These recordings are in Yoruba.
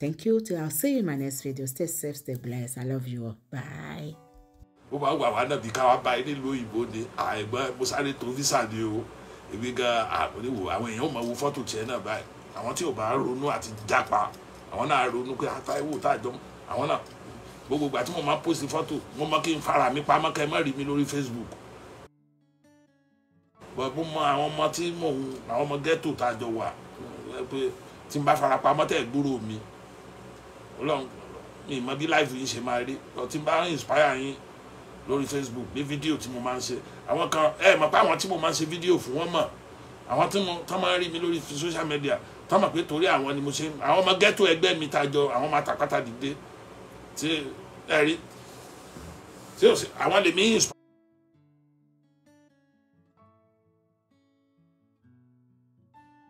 thank you till i'll see you in my next video stay safe stay blessed i love you all bye. ó máa ń wà wá náà bí káwá báyìí nílùú òyìnbó ni àìgbọ́n mo sáré tó visa ni o èmi gan àmúlẹ̀wò àwọn èèyàn ò mọ owó fọ́tò tiẹ̀ náà báyìí àwọn tí ò bá ronú àti jápa àwọn náà ronú pé àtàwé ah, wò tá a jọ àwọn náà gbogbo ìgbà tí mo máa post fọ́tò mo mọ kí n fara mi pamọ́ kẹ́ ẹ má rí mi lórí Facebook bọ́ mo mọ àwọn ọmọ tí mò ń ghetto tá a jọ wà pé n bá fara pamọ́ tẹ̀ gbúrò mi ọlọ́run mi mọ bí láìfù yín ṣe máa rí ọtí bá ń inspire yín lórí facebook ní fídíò tí mo máa ń ṣe àwọn kan ẹ mọ̀ pé àwọn tí mo máa ń ṣe fídíò fún wọn mọ̀ àwọn tí mo máa ń rí mi lórí social media tán mọ̀ pé torí àwọn ni mo ṣe àwọn ọmọ ghetto ẹgbẹ́ mi ta jọ àwọn máa tàpátá dìde tí ẹ rí tí ó sì àwọn lè mí inspire.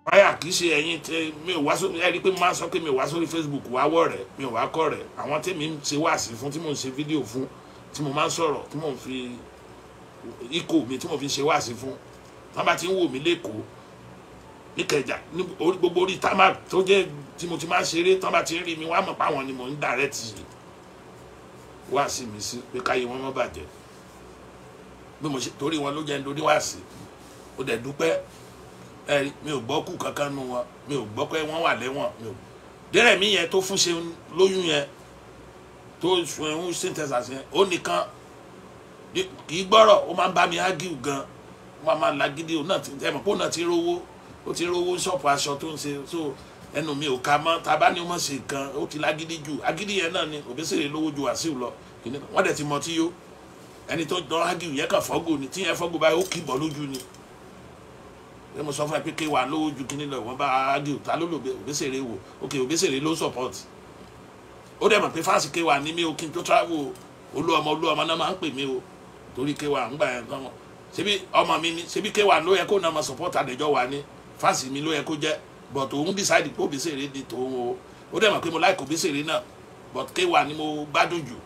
báyà kì í ṣe ẹ̀yin tẹ mi ò wá sórí ẹ rí i pé mo sọ pé mi ò wá sórí Facebook wá wọ̀ rẹ̀ mi ò wá kọ́ rẹ̀ àwọn tèmi ń ṣe wáàsí fún tí mò ń ṣe fídíò fún tí mo máa ń sọ̀rọ̀ tí mò ń fi ikọ̀ mi tí mò fi ń ṣe wáàsí fún wọ́n bá ti ń wò mí lẹ́kọ̀ọ́ níkẹjà ní gbogbo orí támà tó jẹ́ tí mo ti máa ń ṣeré tí wọ́n bá ti ń rí mi wọ́n á mọ̀ pé àwọn ni mò ń direct wáàsí mi sí pé káyé wọn má bàjẹ́ bí mo ṣe torí wọn ló jẹ́ ń lóníwáàsí ó dẹ̀ dúpẹ́ ẹ mi ò gbọ́ kú kankan nu wọn mi ò gbọ́ pé wọ́n wà lẹ́wọ̀n mi ò dẹ́rẹ̀mí yẹn tó fún ṣe lóyún yẹn tó sun ẹ̀hún síntẹ́sàsì yẹn ó nìkan kì í gbọ́rọ̀ ó máa ń bá mi ágìw gan ó máa máa lagídí òun náà ti ẹ̀ mọ̀ pé òun náà ti rówó ó ti rówó ṣọ́ọ̀pù aṣọ tó ń ṣe so ẹnu mi ò ka mọ́ taba ni wọ́n ṣe kan ó ti lágídí jù agídí yẹn náà ni òbẹ́sẹ̀rẹ̀ lówó ju wàsíù lọ wọ́n dẹ̀ ti mọ tí yó ẹni tó dán ágìw yẹn kàn fọ́gò ni tí yẹn fọ́gò báyìí ó kì í bọ́ lójú ni ẹ mo sọ fún ẹ pé kéwà lówó ju kíní lọ wọn bá argue ta ló lò òbésèré wò ok òbésèré ló support ó dẹ̀ mọ̀ pé fáàsì kéwà ní mi ò kí n tó travel o olú ọmọ olú ọmọ náà máa ń pè mí o torí kéwà ń gbà yẹn tán ṣebí ọmọ mi ni ṣebí kéwà ló yẹ kó náà mọ support àdéjọ wa ní fáàsì mi ló yẹ kó jẹ́ but òun decide pé òbésèré ni tòun o ó dẹ̀ mọ̀ pé mo like but kéwà ni mo gbádùn jù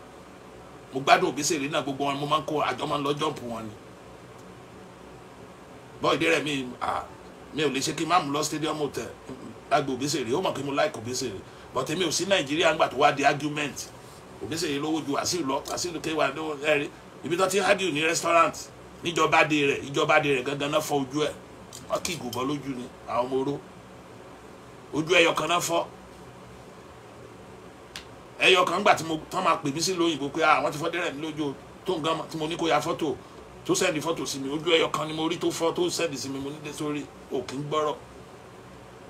mo gbádùn òbésèré náà gbogbo wọn mo máa ń kó àjọ bọ́ ìdí rẹ̀ mi mi ò lè ṣe kí n má mú lọ stadium hotel agbe Obesere ó mọ̀ pé mo like Obesere but èmi ò sí Nàìjíríà ńgbà tó wá di argument Obesere lówó ju Wàsíù lọ Wàsíù kéwà ẹ̀rí ibi tó ti ń argue ní restaurant níjọba de rẹ̀ ìjọba de rẹ̀ gangan náà fọ ojú ẹ̀ wọ́n kí ìgò bọ́ lójú ni àwọn ọmọ oró ojú ẹyọ kan náà fọ́ ẹyọ kan gbà tí mo tán máa pè mí sí lóyìnbó pé àwọn ti fọ́ dẹ́rẹ̀ mi lójú tó nǹkan tí mo ní kó ya fọ́tò tó sẹ́ndì fọ́tò sí mi ojú ẹyọ kan ni mo rí tó fọ́ tó sẹ́ndì sí mi mo ní dé sórí òkè ń gbọ́rọ̀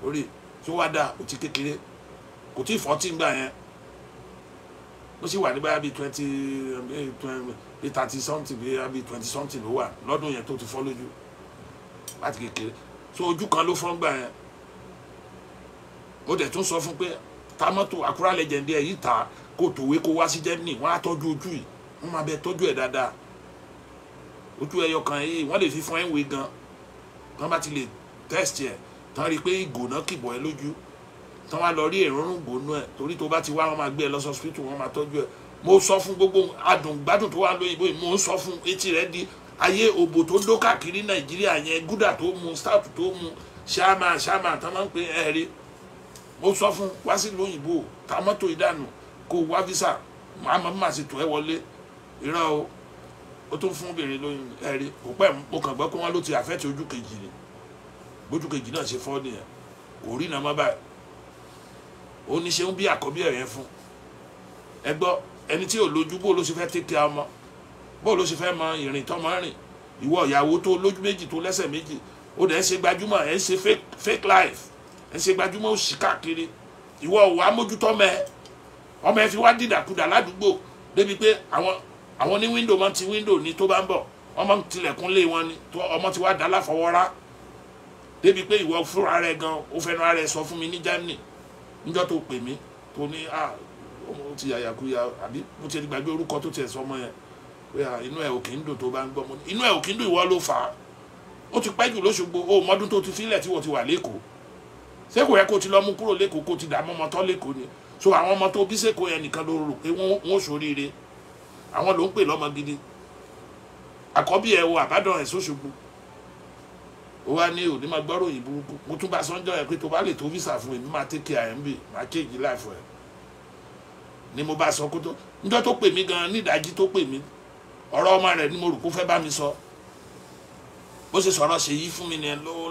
orí tó wá dà kò ti kékeré kò tí fọ́ tí ń gbà yẹn ó sì wà ní báyà bíi twenty eh, bíi thirty something bíi twenty something ló wà lọ́dún yẹn tó ti fọ́ lójú láti kékeré so ojú kan ló fọ́n gbà yẹn ó dẹ̀ tún sọ fún pé ta mọ́tò àkúrà lẹ́jẹ̀ndì ẹ̀ yìí ta kó tòwé kó wá sí Germany wọ́n á tọ́jú ojú yìí wọ́n máa bẹ tọ́jú ẹ̀ dáadáa ojú ẹyọ kan yìí wọ́n lè fi fún ẹ̀wé gan tán bá ti lè test ẹ̀ tán rí i pé ìgò náà kìbọ̀ ẹ lójú tán wá lọ rí èrúnrún gbónú ẹ̀ torí tó bá ti wá wọ́n máa gbé ẹ lọ sọ́sìpítù wọ́n máa tọ́jú ẹ̀ mo sọ fún gbogbo adùn gbádùn tó wà lóyìnbó yìí mo ń sọ fún etí rẹ di ayé òbò tó dó káàkiri nàìjíríà yẹn gúdà tó mu stout tó mu ṣáàmà ṣáàmà tán máa ń pè ẹ rí mo sọ fún wá sí lóyìnbó ta mọ́tò ìdánù kó wá físà máa máa ṣètò ẹ wọlé irọ́ o ó tó fún obìnrin lóyún ẹ̀rí kò pẹ́ mo kàn gbọ́ pé wọ́n ló ti àfẹ́tì ojú kejì ni bójú kejì náà ṣe fọ́ nìyẹn kò rí iná má báyìí ó ní ṣe ń bí àkọ́bí ẹ̀yẹn fún ẹ gbọ́ ẹni tí ò lójú bó ló ṣe fẹ́ tẹ́kẹ́ ọmọ bó ló ṣe fẹ́ mọ ìrìn tọ́mọ rìn ìwọ ìyàwó tó lójú méjì tó lẹ́sẹ̀ méjì ó dẹ̀ ń ṣe gbajúmọ̀ ẹ̀ ń ṣe fake life ẹ̀ ń ṣe gbajúmọ̀ òṣì káàkiri ìwọ òwò amójútọ́mọ ẹ ọmọ ẹ fi wá dìdàkudà ládùúgbò débi pé àwọn àwọn ní wíńdò máa ń ti wíńdò ní tó bá ń bọ̀ wọ́n máa ń tilẹ̀kùn lé wọn ni ọmọ ti wá dá láfọwọ́rá débi pé ìwọ fúnra rẹ gan ó fẹnu ara ẹ sọ fún mi ní Germany níjọ́ tó pè mí tó ní à ó ti yàyàkuyà àbí mo ti gbàgbé orúkọ tó tiẹ̀ sọmọ yẹn pé inú ẹ ò kì í dùn tó bá ń gbọ́ mọ́ inú ẹ ò kì í dùn ìwọ ló fà á ó ti pẹ́ jù lóṣogbo ó mọ́dún tó ti fílẹ̀ tí wọ́n ti wà lẹ́kọ̀ọ́ ṣé yẹ kó ti lọ mú kúrò lẹ́kọ̀ọ́ kó ti dààmú ọmọ tán lẹ́kọ̀ọ́ ni so àwọn ọmọ tó bí sẹ́kọ̀ọ́ yẹn nìkan ló rò pé wọ́n ó ṣoríire àwọn ló ń pè lọ́mọ gidi àkọ́bí ẹ̀ wo àbádọ́rẹ̀ sóṣogbo ó wá ní òní máa gbọ́rọ̀ òyìnbó mo tún bá sọ́njọ́ ẹ̀ pé tó bá lè tó visa fún èmi máa take care máa kéèjì láìfọ̀ ẹ̀ ni mo bá sọ kó tó níjọ́ tó pè mí gan-an nídàájí tó pè mí ọ̀rọ̀ ọmọ rẹ̀ ni mo rò kó fẹ́ bá mi sọ bó ṣe sọ̀rọ̀ ṣe yí fún mi ni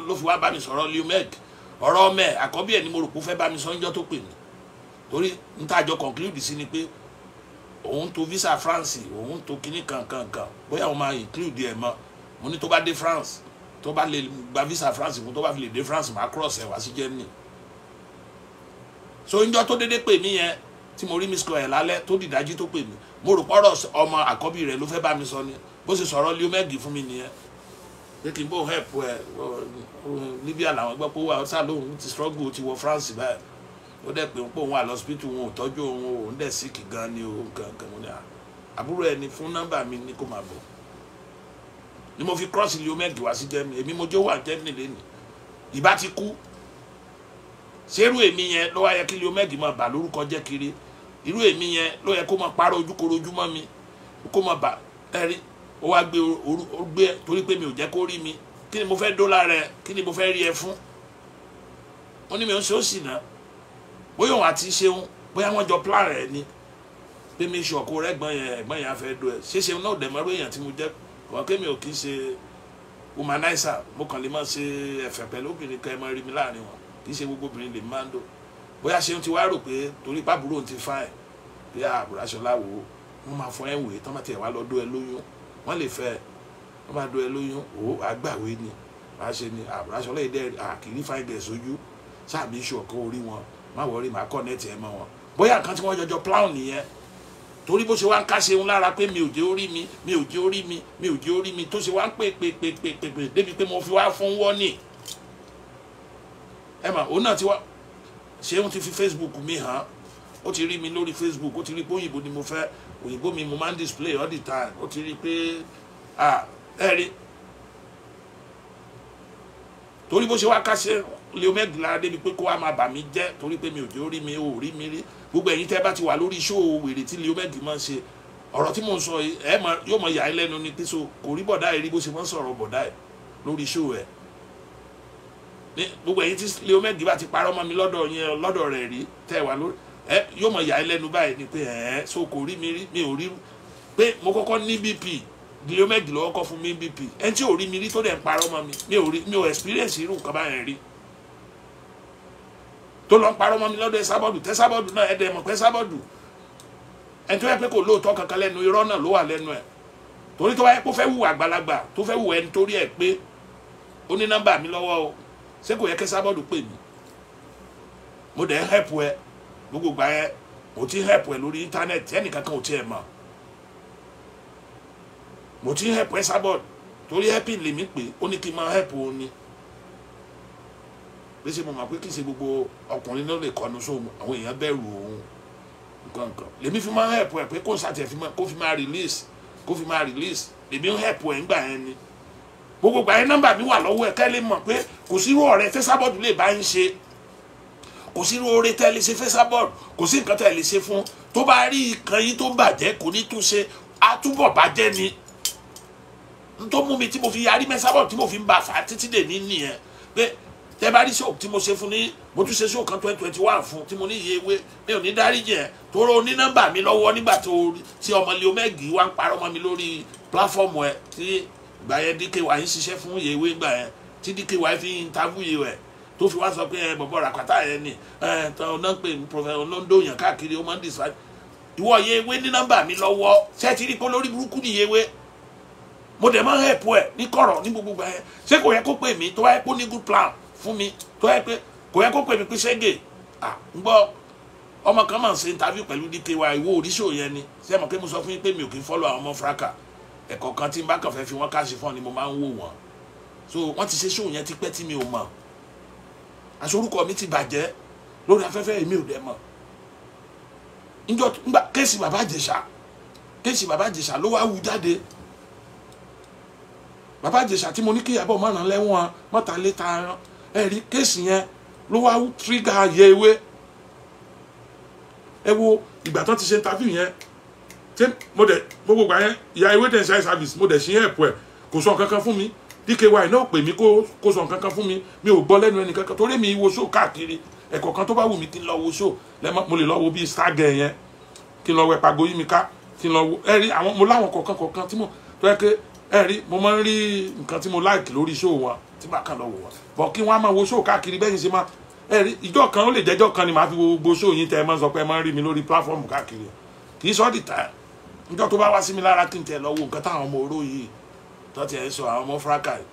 ló fi wá bá mi sọ̀rọ̀ leomeg ọ̀rọ̀ ọmọ ẹ̀ àkọ́bí ẹ̀ ni mo rò kó fẹ́ bá mi sọ níjọ́ tó pè mí torí n conclude sí ni pé òun to visa France òun to kinní kankan kan bóyá o máa include ẹ̀ mọ́ mo ní tó bá dé France tó bá lè gba visa France fún tó bá fi lè dé France máa cross ẹ̀ wá sí Germany so njọ́ tó dédé pè mí yẹn tí mo rí miss kọ́ ẹ̀ lálẹ́ tó dìdájú tó pè mí mo rò pọ́rọ̀ ọmọ àkọ́bí rẹ̀ ló fẹ́ bá mi sọ ni bó ṣe sọ̀rọ̀ liomeg fún mi nìyẹn pé kí n bò help ẹ eh, Libya làwọn gbọ́ pé ó wà lóhùn ti struggle ti wọ France báyìí ó dẹ̀ pé ń pò wọn àlọ́sibítù wọn ò tọ́jú òun òun dẹ̀ síkì gan ni o nǹkan kan wọn ni àbúrò ẹni fún nọ́mbà mi ní kó máa bọ̀ ni mo fi cross leomeg wá sí Germany èmi mo jó wà Germany lẹ́nu ìbá ti kú ṣerú èmi yẹn ló wá yẹ kí leomeg máa bà lórúkọ jẹ́ kiri irú èmi yẹn ló yẹ kó máa parọ́ ojúkorojú mọ́ mi kó máa bà ẹ̀rí ó wá gbé ó gbé torí pé mi ò jẹ́ kó rí mi kí ni mo fẹ́ dọ́là rẹ kí ni mo fẹ́ rí ẹ fún ó ní mi ò ṣe ó sì náà bóyá òun àti ṣeun bóyá wọ́n jọ plan rẹ̀ ni pé mi ṣe ọ̀kọ́ rẹ̀ gbọ́n yẹn ẹ̀gbọ́n yẹn á fẹ́ do ẹ̀ ṣé ṣeun náà dẹ̀ mọ́rú èèyàn tí mo jẹ́ kàn kémi ò kí ṣe humanizer mo kàn lè máa ṣe ẹ̀fẹ̀ pẹ̀lú obìnrin kan ẹ máa rí mi láàrin wọn kì í ṣe gbogbo obìnrin lè máa ń dò bóyá ṣeun ti wá rò pé torí pàbúrò ti fáìn pé àbúrò aṣọ láwo wọn máa fọ ẹwẹ tán bá tiẹ̀ wá lọ dó ẹ lóyún wọn lè fẹ́ wọn máa dó ẹ lóyún ó àgbàwé ni máa ṣe ni àbúrò aṣọ lẹ́yìn dẹ́ àkìrí fáìn sójú sáàbí iṣu orí wọn má wọrí màá connect ẹ mọ́ wọn bóyá nǹkan tí wọ́n jọjọ plan nìyẹn torí bó ṣe wá ń káṣe ń lára pé mi ò jẹ́ orí mi mi ò jẹ́ orí mi mi ò jẹ́ orí mi tó ṣe wá ń pè pè pè pè pè pè débi pé mo fi wá fún wọ́nì ẹ mà òun náà ti wá ṣéun ti fi Facebook mi hàn ó ti rí mi lórí Facebook ó ti rí pé òyìnbó ni mo fẹ́ òyìnbó mi mo máa ń display all the time ó ti rí pé ẹ rí torí bó ṣe wá káṣe lè o mẹ́gbìn lára débi pé kó wá máa bà mí jẹ́ torí pé mi ò jẹ́ orí mi ò rí mi rí gbogbo ẹ̀yin tẹ́ bá ti wà lórí ṣó wèrè tí lè o mẹ́gbìn máa ń ṣe ọ̀rọ̀ tí mò ń sọ ẹ yóò mọ yà á ni pé so kò rí bọ̀dá ẹ̀ rí bó ṣe mọ́ sọ̀rọ̀ bọ̀dá ẹ̀ lórí ṣó ẹ̀ ní gbogbo ẹ̀yin tí lè o mẹ́gbìn bá ti parọ́ mọ́ mi lọ́dọ̀ yẹn lọ́dọ̀ rẹ̀ rí tẹ́ wà lórí ẹ yóò mọ yà á báyìí ni pé ẹ̀ so kò rí mi rí mi ò rí pé mo kọ́kọ́ ní bp gilomẹ́gì lọ́wọ́ kọ́ fún mi bp ẹni tí ò rí mi rí tó dẹ̀ parọ́ mọ́ mi mi ò experience irú nǹkan báyẹn rí tó lọ ń parọ́ mọ́ mi lọ́dọ̀ ẹ̀sábọ́dù tẹ́sábọ́dù náà ẹ̀dẹ̀ mọ̀ pẹ́sábọ́dù ẹni tó yẹ pé kò lóòótọ́ kankan lẹ́nu irọ́ náà ló wà lẹ́nu ẹ̀ torí tó wáyé kó fẹ́ wù àgbàlagbà tó fẹ́ wù ẹni torí ẹ̀ pé ó ní nọ́mbà mi lọ́wọ́ o ṣé kò yẹ kẹ́sábọ́dù pè mí mo dẹ̀ ń hẹ́pù ẹ gbogbo gbà ẹ mo ti ń hẹ́pù ẹ lórí íńtánẹ́ẹ̀tì ẹnìkankan ò tiẹ̀ mọ̀ mo ti ń hẹ́pù ẹ sábọ́dù torí hẹ́pì lèmi pé ó ní kí n máa hẹ́pù òun ni bí ṣe mo mọ̀ pé kì í ṣe gbogbo ọkùnrin ló lè kọnu sóhun àwọn èèyàn bẹ̀rù òun nǹkan nǹkan lèmi fi máa ń help ẹ̀ pé kó sàtẹ̀ kó fi máa release kó fi máa release lèmi ń help ẹ̀ ńgbà yẹn ni gbogbo gbà yẹn nọ́mbà mi wà lọ́wọ́ ẹ̀ kẹ́lẹ́ mọ̀ pé kò sí irú ọ̀rẹ́ fẹ́sàbọ̀dù lè bá ń ṣe kò sí irú oore tẹ́ lè ṣe fẹ́sàbọ̀dù kò sí nǹkan tẹ́ lè ṣe fún tó bá rí ìkan yín tó ń bàjẹ́ kò ní tún ṣe àtúbọ̀ bàjẹ́ ni n tó mú mi tí mo fi yarí mẹ́sàbọ̀dù tí mo fi ń ba fà á títí dè ní nìyẹn pé tẹ bá rí ṣòwò tí mo ṣe fún ní mo tún ṣe ṣòwò kan twenty twenty one fún tí mo ní iye ewé mi ò ní dáríjì ẹ tóró ní nọ́mbà mi lọ́wọ́ nígbà tó tí ọmọ leo mẹgì wá ń parọ́ mọ́ mi lórí pláfọọmù ẹ tí ìgbà yẹn dky ń ṣiṣẹ́ fún iye ewé gbà yẹn tí dky fi ń interview iye rẹ tó fi wá sọ pé ẹ bọ̀bọ̀ ràkàtà yẹn ni ẹ tán ọ̀nà pé prọfẹ̀sọ̀ ọ̀nàdóyàn káàkiri ó máa ń dìsáì ìwọ iye ewé ní nọ́mbà mi lọ́wọ́ ṣé ti rí pé lórí burúkú ni iye ewé mo dẹ̀ máa ń hẹ̀pù ẹ̀ ní kọ̀rọ̀ ní gbogbo gbà yẹn ṣé kò yẹ kó pè mí tó wáyé kó ní good plan fún mi tó yẹ pé kò yẹ kó pè mí pé ṣẹ́gẹ̀ à ń gbọ́ ọmọ kan máa ń ṣe interview pẹ̀lú dky ìwọ oríṣiríṣi yẹn ni ṣé mọ̀ pé mo sọ fún yín pé mi ò kí ń fọ́lọ̀ àwọn ọmọ fraka ẹ̀kọ́ kan tí n bá kàn fẹ́ fi wọ́n káàṣì fún ọ ni mo máa ń wò wọ́n so wọ́n ti ṣe ṣóò yẹn tipẹ́ tí mi ò mọ̀ àsorúkọ mi ti bàjẹ́ lórí afẹ́fẹ́ èmi ò dẹ̀ mọ̀ njọ ngba kéèsì bàbá Ìjẹ̀ṣà kéèsì bàbá Ìjẹ̀ṣà ló wá wú jáde bàbá Ìjẹ̀ṣà tí mo ní kíyàbọ̀ mọ̀ràn lẹ́wọ̀n mọ́ta ẹ̀rí kéèsì yẹn ló wá tírígà ayé ewé ẹ wo ìgbà tán ti ṣe interview yẹn tí mo dẹ̀ gbogbo gbà yẹn ìyá ewé dẹ̀ ń ṣe service mo dẹ̀ ṣe yẹn ẹ̀pọ̀ ẹ̀ kò sọ nǹkan kan fún mi dky náà pè mí kó sọ nǹkan kan fún mi mi ò gbọ́ lẹ́nu ẹnì kankan torí mi wo show káàkiri ẹ̀kọ́ kan tó bá wù mí kí n lọ wo show mo lè lọ wo bíi stargẹ̀ yẹn kí n lọ wo ẹ̀pàgọ́ yí mi ká kí n lọ wo ẹ̀rí àwọn mo láwọn kọ̀ọ̀kan kọ̀ọ̀kan tí mo tó yẹ kí ẹ̀rí mo máa ń rí nǹkan tí mo like lórí show wọn tí màá kàn lọ wò wọ́n bọ̀ kí wọ́n á máa wo ṣó káàkiri bẹ́ẹ̀ ṣe máa ẹ̀rí ìjọ kan ó lè jẹ́jọ́ kan ni màá fi wo gbogbo ṣó yín tẹ́ ẹ máa sọ pé ẹ máa ń rí mi lórí pláfọ́ọ̀mù káàkiri kì í sọ́ dìtà níjọ́ tó bá wá sí mi lára kí n tẹ̀ lọ wo nǹkan táwọn ọmọ oró yìí tó ti ẹ̀ sọ àwọn ọmọ fúráká yìí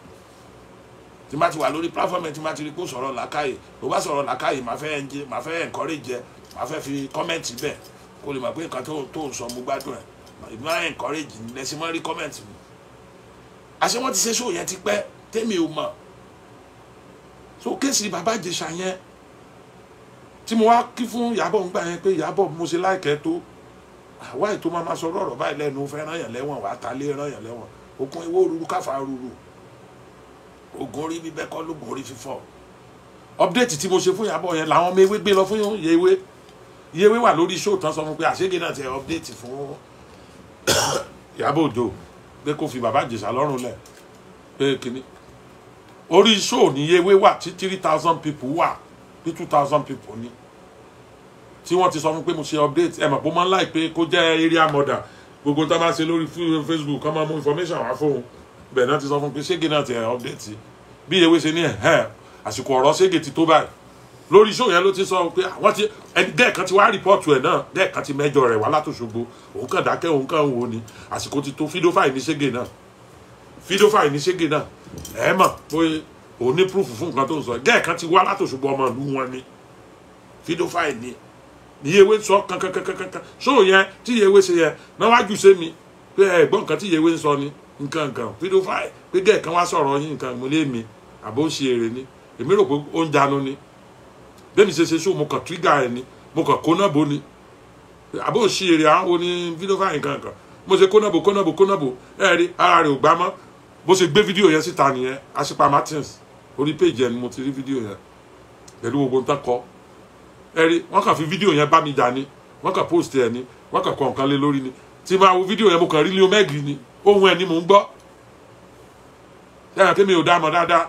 tí má ti wà lórí pláfọ́ọ̀mù tí má ti rí kó sọ̀rọ̀ làákàyè tó bá sọ̀rọ̀ làákàyè màá fẹ́ encourage ẹ màá fẹ́ fi kọ́mẹ̀ntì bẹ̀ kó lè mọ̀ pé nǹkan tó ń sọ mo gbádùn ẹ̀ ìgbà encourage lẹ́sìn mọ́ rí kọ́mẹ̀ntì mi àṣẹ wọ́n ti ṣe ṣó yẹn ti pẹ́ tẹ́mi ò mọ̀ so kéèsì bàbá ìjẹ̀ṣà yẹn tí mo wá kí fún Ìyábọ̀ ń gbà yẹn pé Ìyábọ̀ mo ṣe láìkẹ́ tó àwa ètò máa máa sọ ọ̀rọ̀ báyìí lẹ́nu fẹ́ rányàn lẹ́wọ̀n wàá ta lé rányàn lẹ́wọ̀n okun ewé òruru káfà òruru oògùn orí bíbẹ́ kọ́ lóògùn orí fífọ́ update tí mo ṣe fún Ìyábọ̀ yẹn làwọn ọmọ ewé gbé lọ fún yewé yewé wà lórí show tán sọ fún pé àṣegé náà ti update fún Ìyábọ̀ Òjó pé kó fi bàbá Ìjẹ̀ṣà lọ́rùn lẹ̀ pé kínní orí iṣẹ́ òníyewé wà tí three thousand people wà bí two thousand people ní tí wọ́n ti sọ fún pé mo ṣe update ẹ̀ mọ̀ bó máa ń láì pé kó jẹ́ area mother gbogbo tá a bá ṣe lórí facebook kọ́ máa mú information wá fóun bẹ́ẹ̀ náà ti sọ fún pé ṣége náà ti ẹ̀ update bí ewé ṣe ní ẹ̀ ẹ̀ àsìkò ọ̀rọ̀ ṣége ti tó báyìí lórí iṣẹ́ òyìn ló ti sọ pé àwọn ti ẹni dẹ́ẹ̀ kan ti wá rìpọ́ọ̀tù ẹ̀ náà dẹ́ẹ̀ kan ti mẹ́jọ rẹ̀ wá látòṣogbo òun kàn dákẹ́ òun kàn wò ni àsìkò ti tó fídíò fáì ní ṣége náà fídíò fáì ní ṣége náà ẹ mọ̀ pé ò ní proof fún nǹkan tó ń sọ gẹ́ẹ̀ kan ti wá látòṣùgbọ́ ọmọ ìlú wọn ni fídíò fáì kankan kankan kankan kankankankankan sóò tí ìyẹwé ṣe yẹn náà wájú mi pé tí ni nkankan nǹkan fídíò fáì pé gẹ́ẹ̀ kan wá sọ̀rọ̀ yín nǹkan mo ni èmi rò pé janu ni bẹ́ẹ̀ mi ṣe ṣe ni ka konabo ni bó ṣe gbé fídíò yẹn síta nìyẹn Asipa Martins orí péjì ẹni mo ti rí fídíò yẹn pẹ̀lú gbogbo nǹkan kọ ẹ rí wọ́n kàn fi fídíò yẹn bá mi jà ni wọ́n kàn post ẹ̀ ni wọ́n kàn kọ nǹkan lé lórí ni tí máa wo fídíò yẹn mo kàn rí lé omegi ni ohun ẹ̀ ni mò ń gbọ́ yàrá kémi ò dáa mọ̀ dáadáa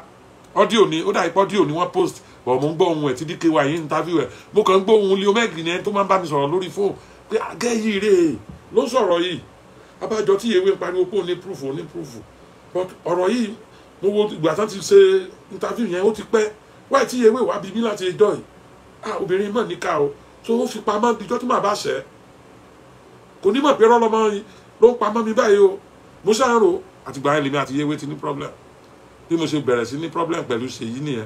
ọ́díò ni ó dàbí ọ́díò ni wọ́n post bọ̀ mo ń gbọ́ ohun ẹ̀ tí dky yìí interview ẹ̀ mo kàn ń gbọ́ ohun lé omegi ni ẹni tó máa ń bá mi sọ̀rọ̀ lórí fóònù pé àgẹ́ yìí rèé ló sọ̀rọ̀ yìí abájọ tí yèwé ń pariwo pé òní proof òní proof but ọ̀rọ̀ yìí mo wo ìgbà tó ti ṣe interview yẹn ó ti pẹ́ wáyé tí ewé wàá bí láti ẹjọ́ yìí ah obìnrin mọ̀ níka o so ó fi pamọ́ dijọ́ tí màá bá ṣẹ́ kò ní mọ̀ pé rọ́lọ́mọ ló ń pamọ́ mi báyìí o mo ṣàárò àtìgbà yẹn lèmi àti yewé ti ní problem bí mo ṣe bẹ̀rẹ̀ sí ní problem pẹ̀lú ṣèyí nìyẹn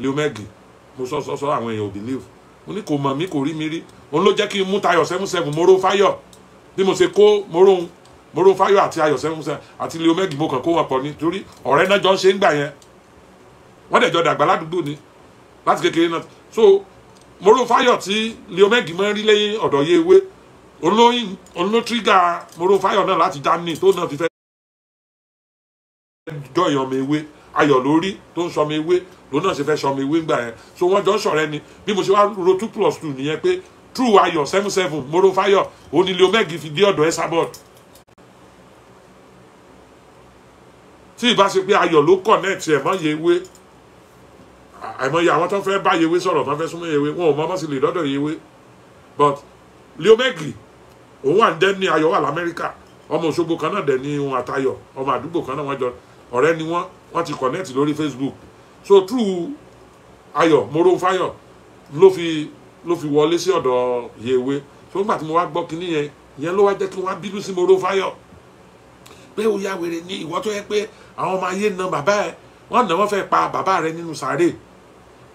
leomegi mo sọ sọ sọ àwọn èèyàn ò believe mo ní kò mọ̀ mí kò rí mi rí òun ló jẹ́ kí n mú tayọ̀ seven mo ro fáyọ̀ bí mo ṣe kó mo rohun moro fáyọ àti ayọ̀ seven àti leo mẹ́gì mo kàn kó wọn pọ̀ ni torí ọ̀rẹ́ náà jọ ń ṣe ń gbà yẹn wọ́n dẹ̀ jọ dàgbà ládùúgbò ni láti kékeré náà so moro fáyọ tí leo mẹ́gì máa ń rí lẹ́yìn ọ̀dọ̀ yé ewé olóyìn olótrígà moro fáyọ náà láti Germany tó náà fi fẹ́ jọyọ̀ ọmọ ewé ayọ̀ lórí tó ń sọmọ ewé lòun náà ṣe fẹ́ sọmọ ewé ńgbà yẹn so wọ́n jọ ń sọ̀rẹ́ ni bí mo ṣe wá ro two plus two nìyẹn pé true ayọ̀ seven seven moro fáyọ onílé omegi fi dé ọ̀dọ̀ ẹ̀ sábọ̀dù tí ìbá ṣe pé ayọ̀ ló connect ẹ̀ mọ́ Yewé àìmọye àwọn tó fẹ́ bá Yewé sọ̀rọ̀ tó fẹ́ súnmọ́ Yewé wọn ò mọ́ bá sì lè dọ́dọ̀ Yewé but Leo Megri òun wà ń dẹ́ni ayọ̀ wà lamẹ́ríkà ọmọ Òṣogbo kan náà dẹ̀ ni òun àtayọ̀ ọmọ àdúgbò kan náà wọ́n jọ ọ̀rẹ́ ni wọ́n wọ́n ti connect lórí Facebook so through ayọ̀ moronfayọ̀ ló fi ló fi wọlé sí ọ̀dọ̀ Yewé so nígbà tí mo wá gbọ́ kinní yẹn ìyẹn ló wá jẹ́ kí wọ́n á bínú sí moronfayọ̀ pé ó yá wèrè ní ìwọ tó yẹ pé àwọn ọmọ ayé na bàbá ẹ wọ́n nà wọ́n fẹ́ pa bàbá rẹ nínú sàárè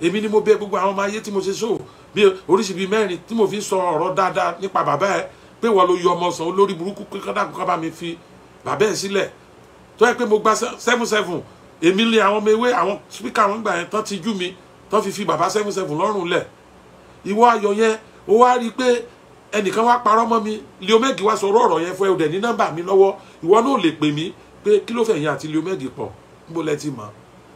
èmi ni mo bẹ gbogbo àwọn ọmọ ayé tí mo ṣe sóò bí oríṣi bíi mẹ́rin tí mo fi sọ ọ̀rọ̀ dáadáa nípa bàbá ẹ pé wọ́n ló yọ ọmọ sàn olórí burúkú kíkọ́dàkùn kọ́ bá mi fi bàbá ẹ sílẹ̀ tó yẹ pé mo gba seven seven èmi lé àwọn ọmọ ewé àwọn spíkà wọn gbà yẹn tán ti jú mi tán fi fi bàbá seven seven lọ́rùn lẹ̀ ìwọ ayọ̀ yẹn ó wá rí i pé ẹnìkan wá parọ́ mọ́ mi leo mẹ́gì wá sọ ọ̀rọ̀ yẹn fún ẹ ò dẹ̀ ní nọ́mbà mi lọ́wọ́ ìwọ náà lè pè mí pé kí ló fẹ̀yìn àti Leonard pọ̀ níbo lẹ ti mọ̀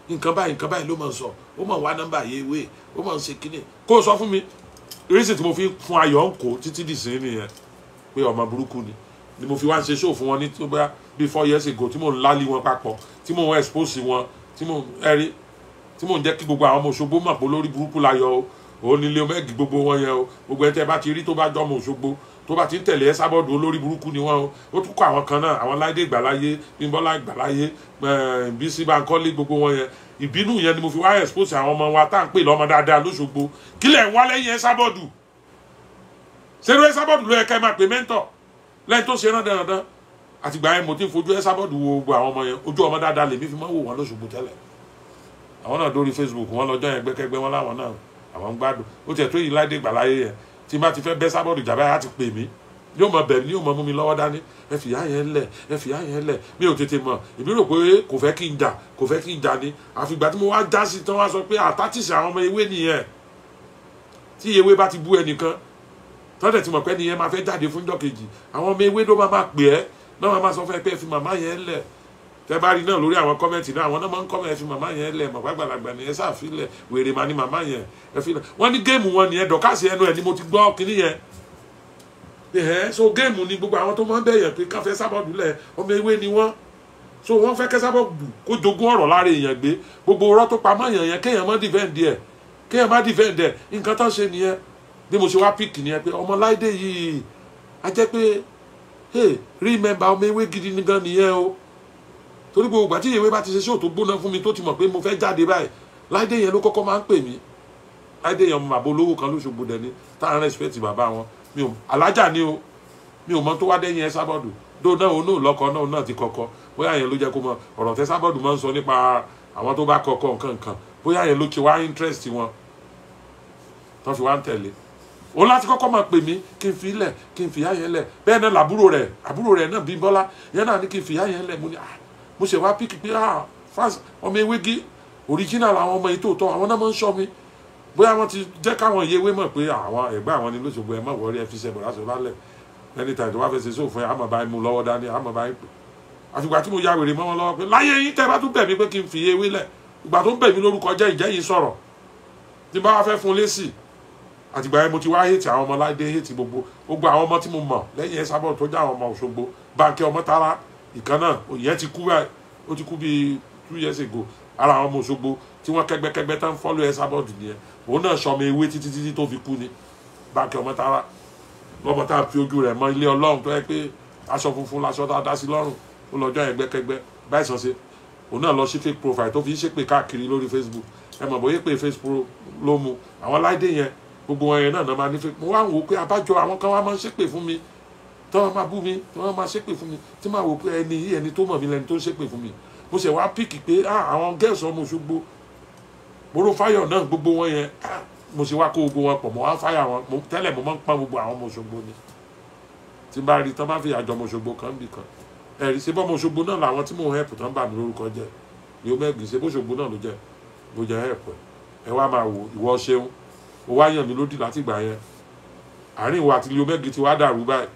nǹkan báyìí nǹkan báyìí ló mọ̀ sọ ó mọ̀ wá nọ́mbà yìí wé ó mọ̀ ṣe kíni kó o sọ fún mi rísì tí mo fi fún ayọ̀ ń kó títí dì sí nìyẹn pé ọmọ burúkú ni ni mo fi wá ń ṣe ṣòfò wọn ní tó bá bíi four years ago tí mò ń lálé wọn papọ̀ tí mò ń expose wọn tí mò ń ẹrí tí mò ń jẹ́ kí gbogbo àwọn ọmọ Òṣogbo mọ̀ pé olórí burúkú la o òun nílé omẹ́gì gbogbo wọn yẹn o gbogbo ẹ̀ tó bá ti ń tẹ̀lé ẹ sábọ́ọ̀dù olórí burúkú ni wọ́n ó tún kọ́ àwọn kan náà àwọn láìdé ìgbàláyé bímbọ́lá ìgbàláyé eh, bísí bankọ́lé gbogbo wọn yẹn ìbínú yẹn ni mo fi wá expose àwọn ọmọ wa tá à ń pè lọ́mọ dáadáa lóṣogbo kílẹ̀ ń wá lẹ́yìn ẹ sábọ́ọ̀dù ṣerú ẹ sábọ́ọ̀dù ló yẹ ká ẹ máa pè mẹ́ńtọ̀ lẹ́yìn tó ṣe rándanrandan àtìgbà yẹn mo ti ń fojú ẹ sábọ́ọ̀dù wo gbogbo àwọn ọmọ yẹn ojú ọmọ dáadáa lèmi fi máa wò wọn lóṣogbo tẹ́lẹ̀ àwọn náà dórí Facebook wọn lọ́jọ́ yẹn gbẹ́kẹ́gbẹ́ wọn láwọn náà àwọn ń gbádùn ó tiẹ̀ tó yìí láìdé ìgbàláyé yẹn tí n ti fẹ́ bẹ́ sábọ́ọ̀dù jà báyìí á ti pè mí yóò mọ bẹ̀rẹ̀ ni yóò mọ mú mi lọ́wọ́ dání ẹ fìyà yẹn lẹ̀ ẹ fìyà yẹn lẹ̀ mi ò tètè mọ̀ èmi rò pé kò fẹ́ kí n jà kò fẹ́ kí n jà ni àfìgbà tí mo wá já sí tán wá sọ pé àtàtìsì àwọn ọmọ ewé nìyẹn tí ewé bá ti bú ẹnìkan tọ́tẹ̀ ti mọ̀ pé ẹnìyẹn máa fẹ́ jáde fún jọ́kejì àwọn ọmọ ewé ló máa máa pè ẹ́ náà máa sọ fún pé ẹ fi màmá yẹn lẹ̀ tẹ bá rí náà lórí àwọn kọ́mẹ́ǹtì náà àwọn náà máa ń kọ́mẹ́ǹtì ẹ fi màmá yẹn lẹ̀ màmá àgbàlagbà ni ẹ ṣàfilẹ̀ wèrè màá ni màmá yẹn ẹ fi lẹ̀ wọ́n ní géèmù wọn nìyẹn dọ̀kásì ẹnu ẹ̀ ni mo ti gbọ́ kínní yẹn ẹ̀hẹ́ so géèmù ni gbogbo àwọn tó máa ń bẹ̀yẹ̀ pé káfẹ́ sábọ̀dù lẹ̀ ọmọ ewé ni wọ́n so wọ́n fẹ́ kẹ́ sábọ̀dù kó jogún ọ̀rọ̀ lára èèyàn gbé gbogbo ọ̀rọ̀ tó pamọ́ èèyàn yẹn kéèyàn má dìfẹ́ǹdì ẹ̀ kéèyàn má dìfẹ́ǹdì ẹ̀ nǹkan tó ṣe nìyẹn bí mo ṣe hey remember ọmọ ewé gidi nìkan nìyẹn o torí gbogbo ìgbà tí ìyèwé bá ti ṣe ṣóò tó gbóná fún mi tó ti mọ̀ pé mo fẹ́ jáde báyìí láìdé yẹn ló kọ́kọ́ máa ń pè mí láìdé yẹn mo bàbá olówó kan lóṣogbo dẹni tá à ń rẹ́sipẹ́tì bàbá wọn mi ò alájà ni o mi ò mọ tó wá dẹ́yìn ẹ sábọ́dù dó náà òun náà lọ́kọ náà náà ti kọ́kọ́ bóyá yẹn ló jẹ́ kó mọ ọ̀rọ̀ tẹ sábọ́dù máa ń sọ nípa àwọn tó bá kọ́kọ́ nǹkan nǹkan bóyá yẹn ló ti wá interest wọn tó fi wá ń tẹ̀lé òun láti kọ́kọ́ máa pè mí kí n fi ilẹ̀ kí n fìyà yẹn lẹ̀ bẹ́ẹ̀ náà làbúrò rẹ̀ àbúrò rẹ̀ náà bí bọ́lá yẹn náà ní kí n fìyà yẹn lẹ̀ mo ní ah mo ṣe wá píkì pé ah france ọmọ ewégi original àwọn ọmọ yìí tó tọ́ àwọn náà mi bóyá wọ́n ti jẹ́ káwọn yewé mọ̀ pé ah, àwọn ẹ̀gbọ́n àwọn ni lóṣogbo ẹ̀ mọ̀ wọ́ọ́rí ẹ̀ fi ṣẹ́ bọ̀dá sọ̀rọ̀ lálẹ́ ẹni tàyè tó wá fẹsẹ̀ sóòfin àmọ̀ mu lọ́wọ́ dání àmọ̀ báyìí pè àfìgbà tí mo ya wèrè mọ́ wọn lọ́wọ́ pé láyé yín tẹ́ bá tún bẹ̀ mí pé fi ewé lẹ̀ ìgbà tó ń bẹ̀ mí lórúkọ jẹ́ ìjẹ́ yìí sọ̀rọ̀ tí bá wá fẹ́ fún lésì mo ti wá hẹ́ẹ̀tì àwọn ọmọ ládé hẹ́ẹ̀tì gbogbo gbogbo àwọn ọmọ tí mo mọ̀ lẹ́yìn ẹ̀ sábọ̀ tó já àwọn ọmọ Òṣogbo Bánkẹ́ Ọmọtárá ìkan náà ìyẹn ti kú báyìí ó ti kú bíi two years ago ara àwọn ọmọ Òṣogbo tí wọ́n kẹ́gbẹ́kẹ́gbẹ́ tán fọ́lù ẹ̀ sábọ̀dù nìyẹn òun náà sọmọ ewé títí títí tó fi kú ni báàkì ọmọ tára lọ́mọ tá a fi ojú rẹ̀ mọ ilé Ọlọ́run tó yẹ pé aṣọ funfun laṣọ tá a dá sí lọ́rùn ó lọ́jọ́ yẹn gbẹ́kẹ́gbẹ́ báyìí sọ ṣe òun náà lọ sí fake profile tó fi ń ṣépè káàkiri lórí Facebook ẹ mọ̀ bóyá pé Facebook ló mu àwọn láìdé yẹn gbogbo wọn yẹn náà náà máa ní fake mo wá wò ó pé abájọ àwọn kan wá máa ń ṣépè fún mi tí ma máa bú mi tí wọ́n máa ṣépè fún mi tí máa wò pé ẹni yìí ẹni tó mọ̀ mí lẹni tó ń ṣépè fún mi mo ṣe wá píkì pé ah, àwọn gẹ́ẹ̀sì ọmọ Òṣogbo moro fáyọ̀ náà gbogbo wọn yẹn ah, mo ṣe wá kó gbogbo wọn pọ̀ mọ́ wá fáyọ̀ wọn tẹ́lẹ̀ mo máa ń pa gbogbo àwọn ọmọ Òṣogbo ni tí bá rí tán bá fi àjọ ọmọ Òṣogbo kan bì kan ẹ̀rí ṣe bọ́mọ Òṣogbo náà làwọn tí mò ń hẹ́pù tán bà mí lórúkọ jẹ́ ni ó mẹ́gì ṣe bóṣogbo náà ló jẹ́ ló jẹ́ hẹ́pù ẹ wá máa wò ìwọ ṣeun ó wá yàn mí lódì látìgbà yẹn àárín ìwọ àti Leo Mẹ́gì ti wá dàrú báyìí